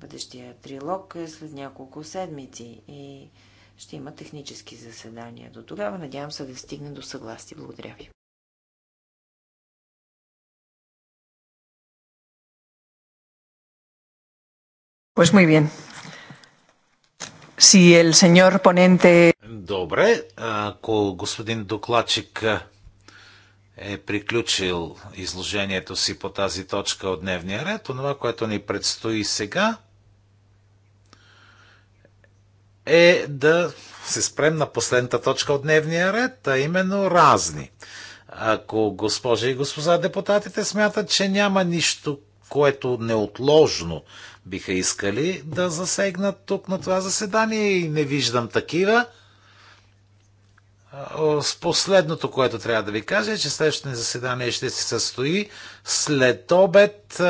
D: Бъдещия трилог е след няколко седмици и ще има технически заседания.
A: До тогава надявам се да стигне до съгласие. Благодаря ви. Pues muy bien. Si el señor ponente... Добре,
B: ако господин докладчик е приключил изложението си по тази точка от дневния ред, това, което ни предстои сега, е да се спрем на последната точка от дневния ред, а именно разни. Ако госпожи и господа депутатите смятат, че няма нищо, което неотложно биха искали да засегнат тук на това заседание и не виждам такива, с последното, което трябва да ви кажа, е, че следващото заседание ще се състои след обед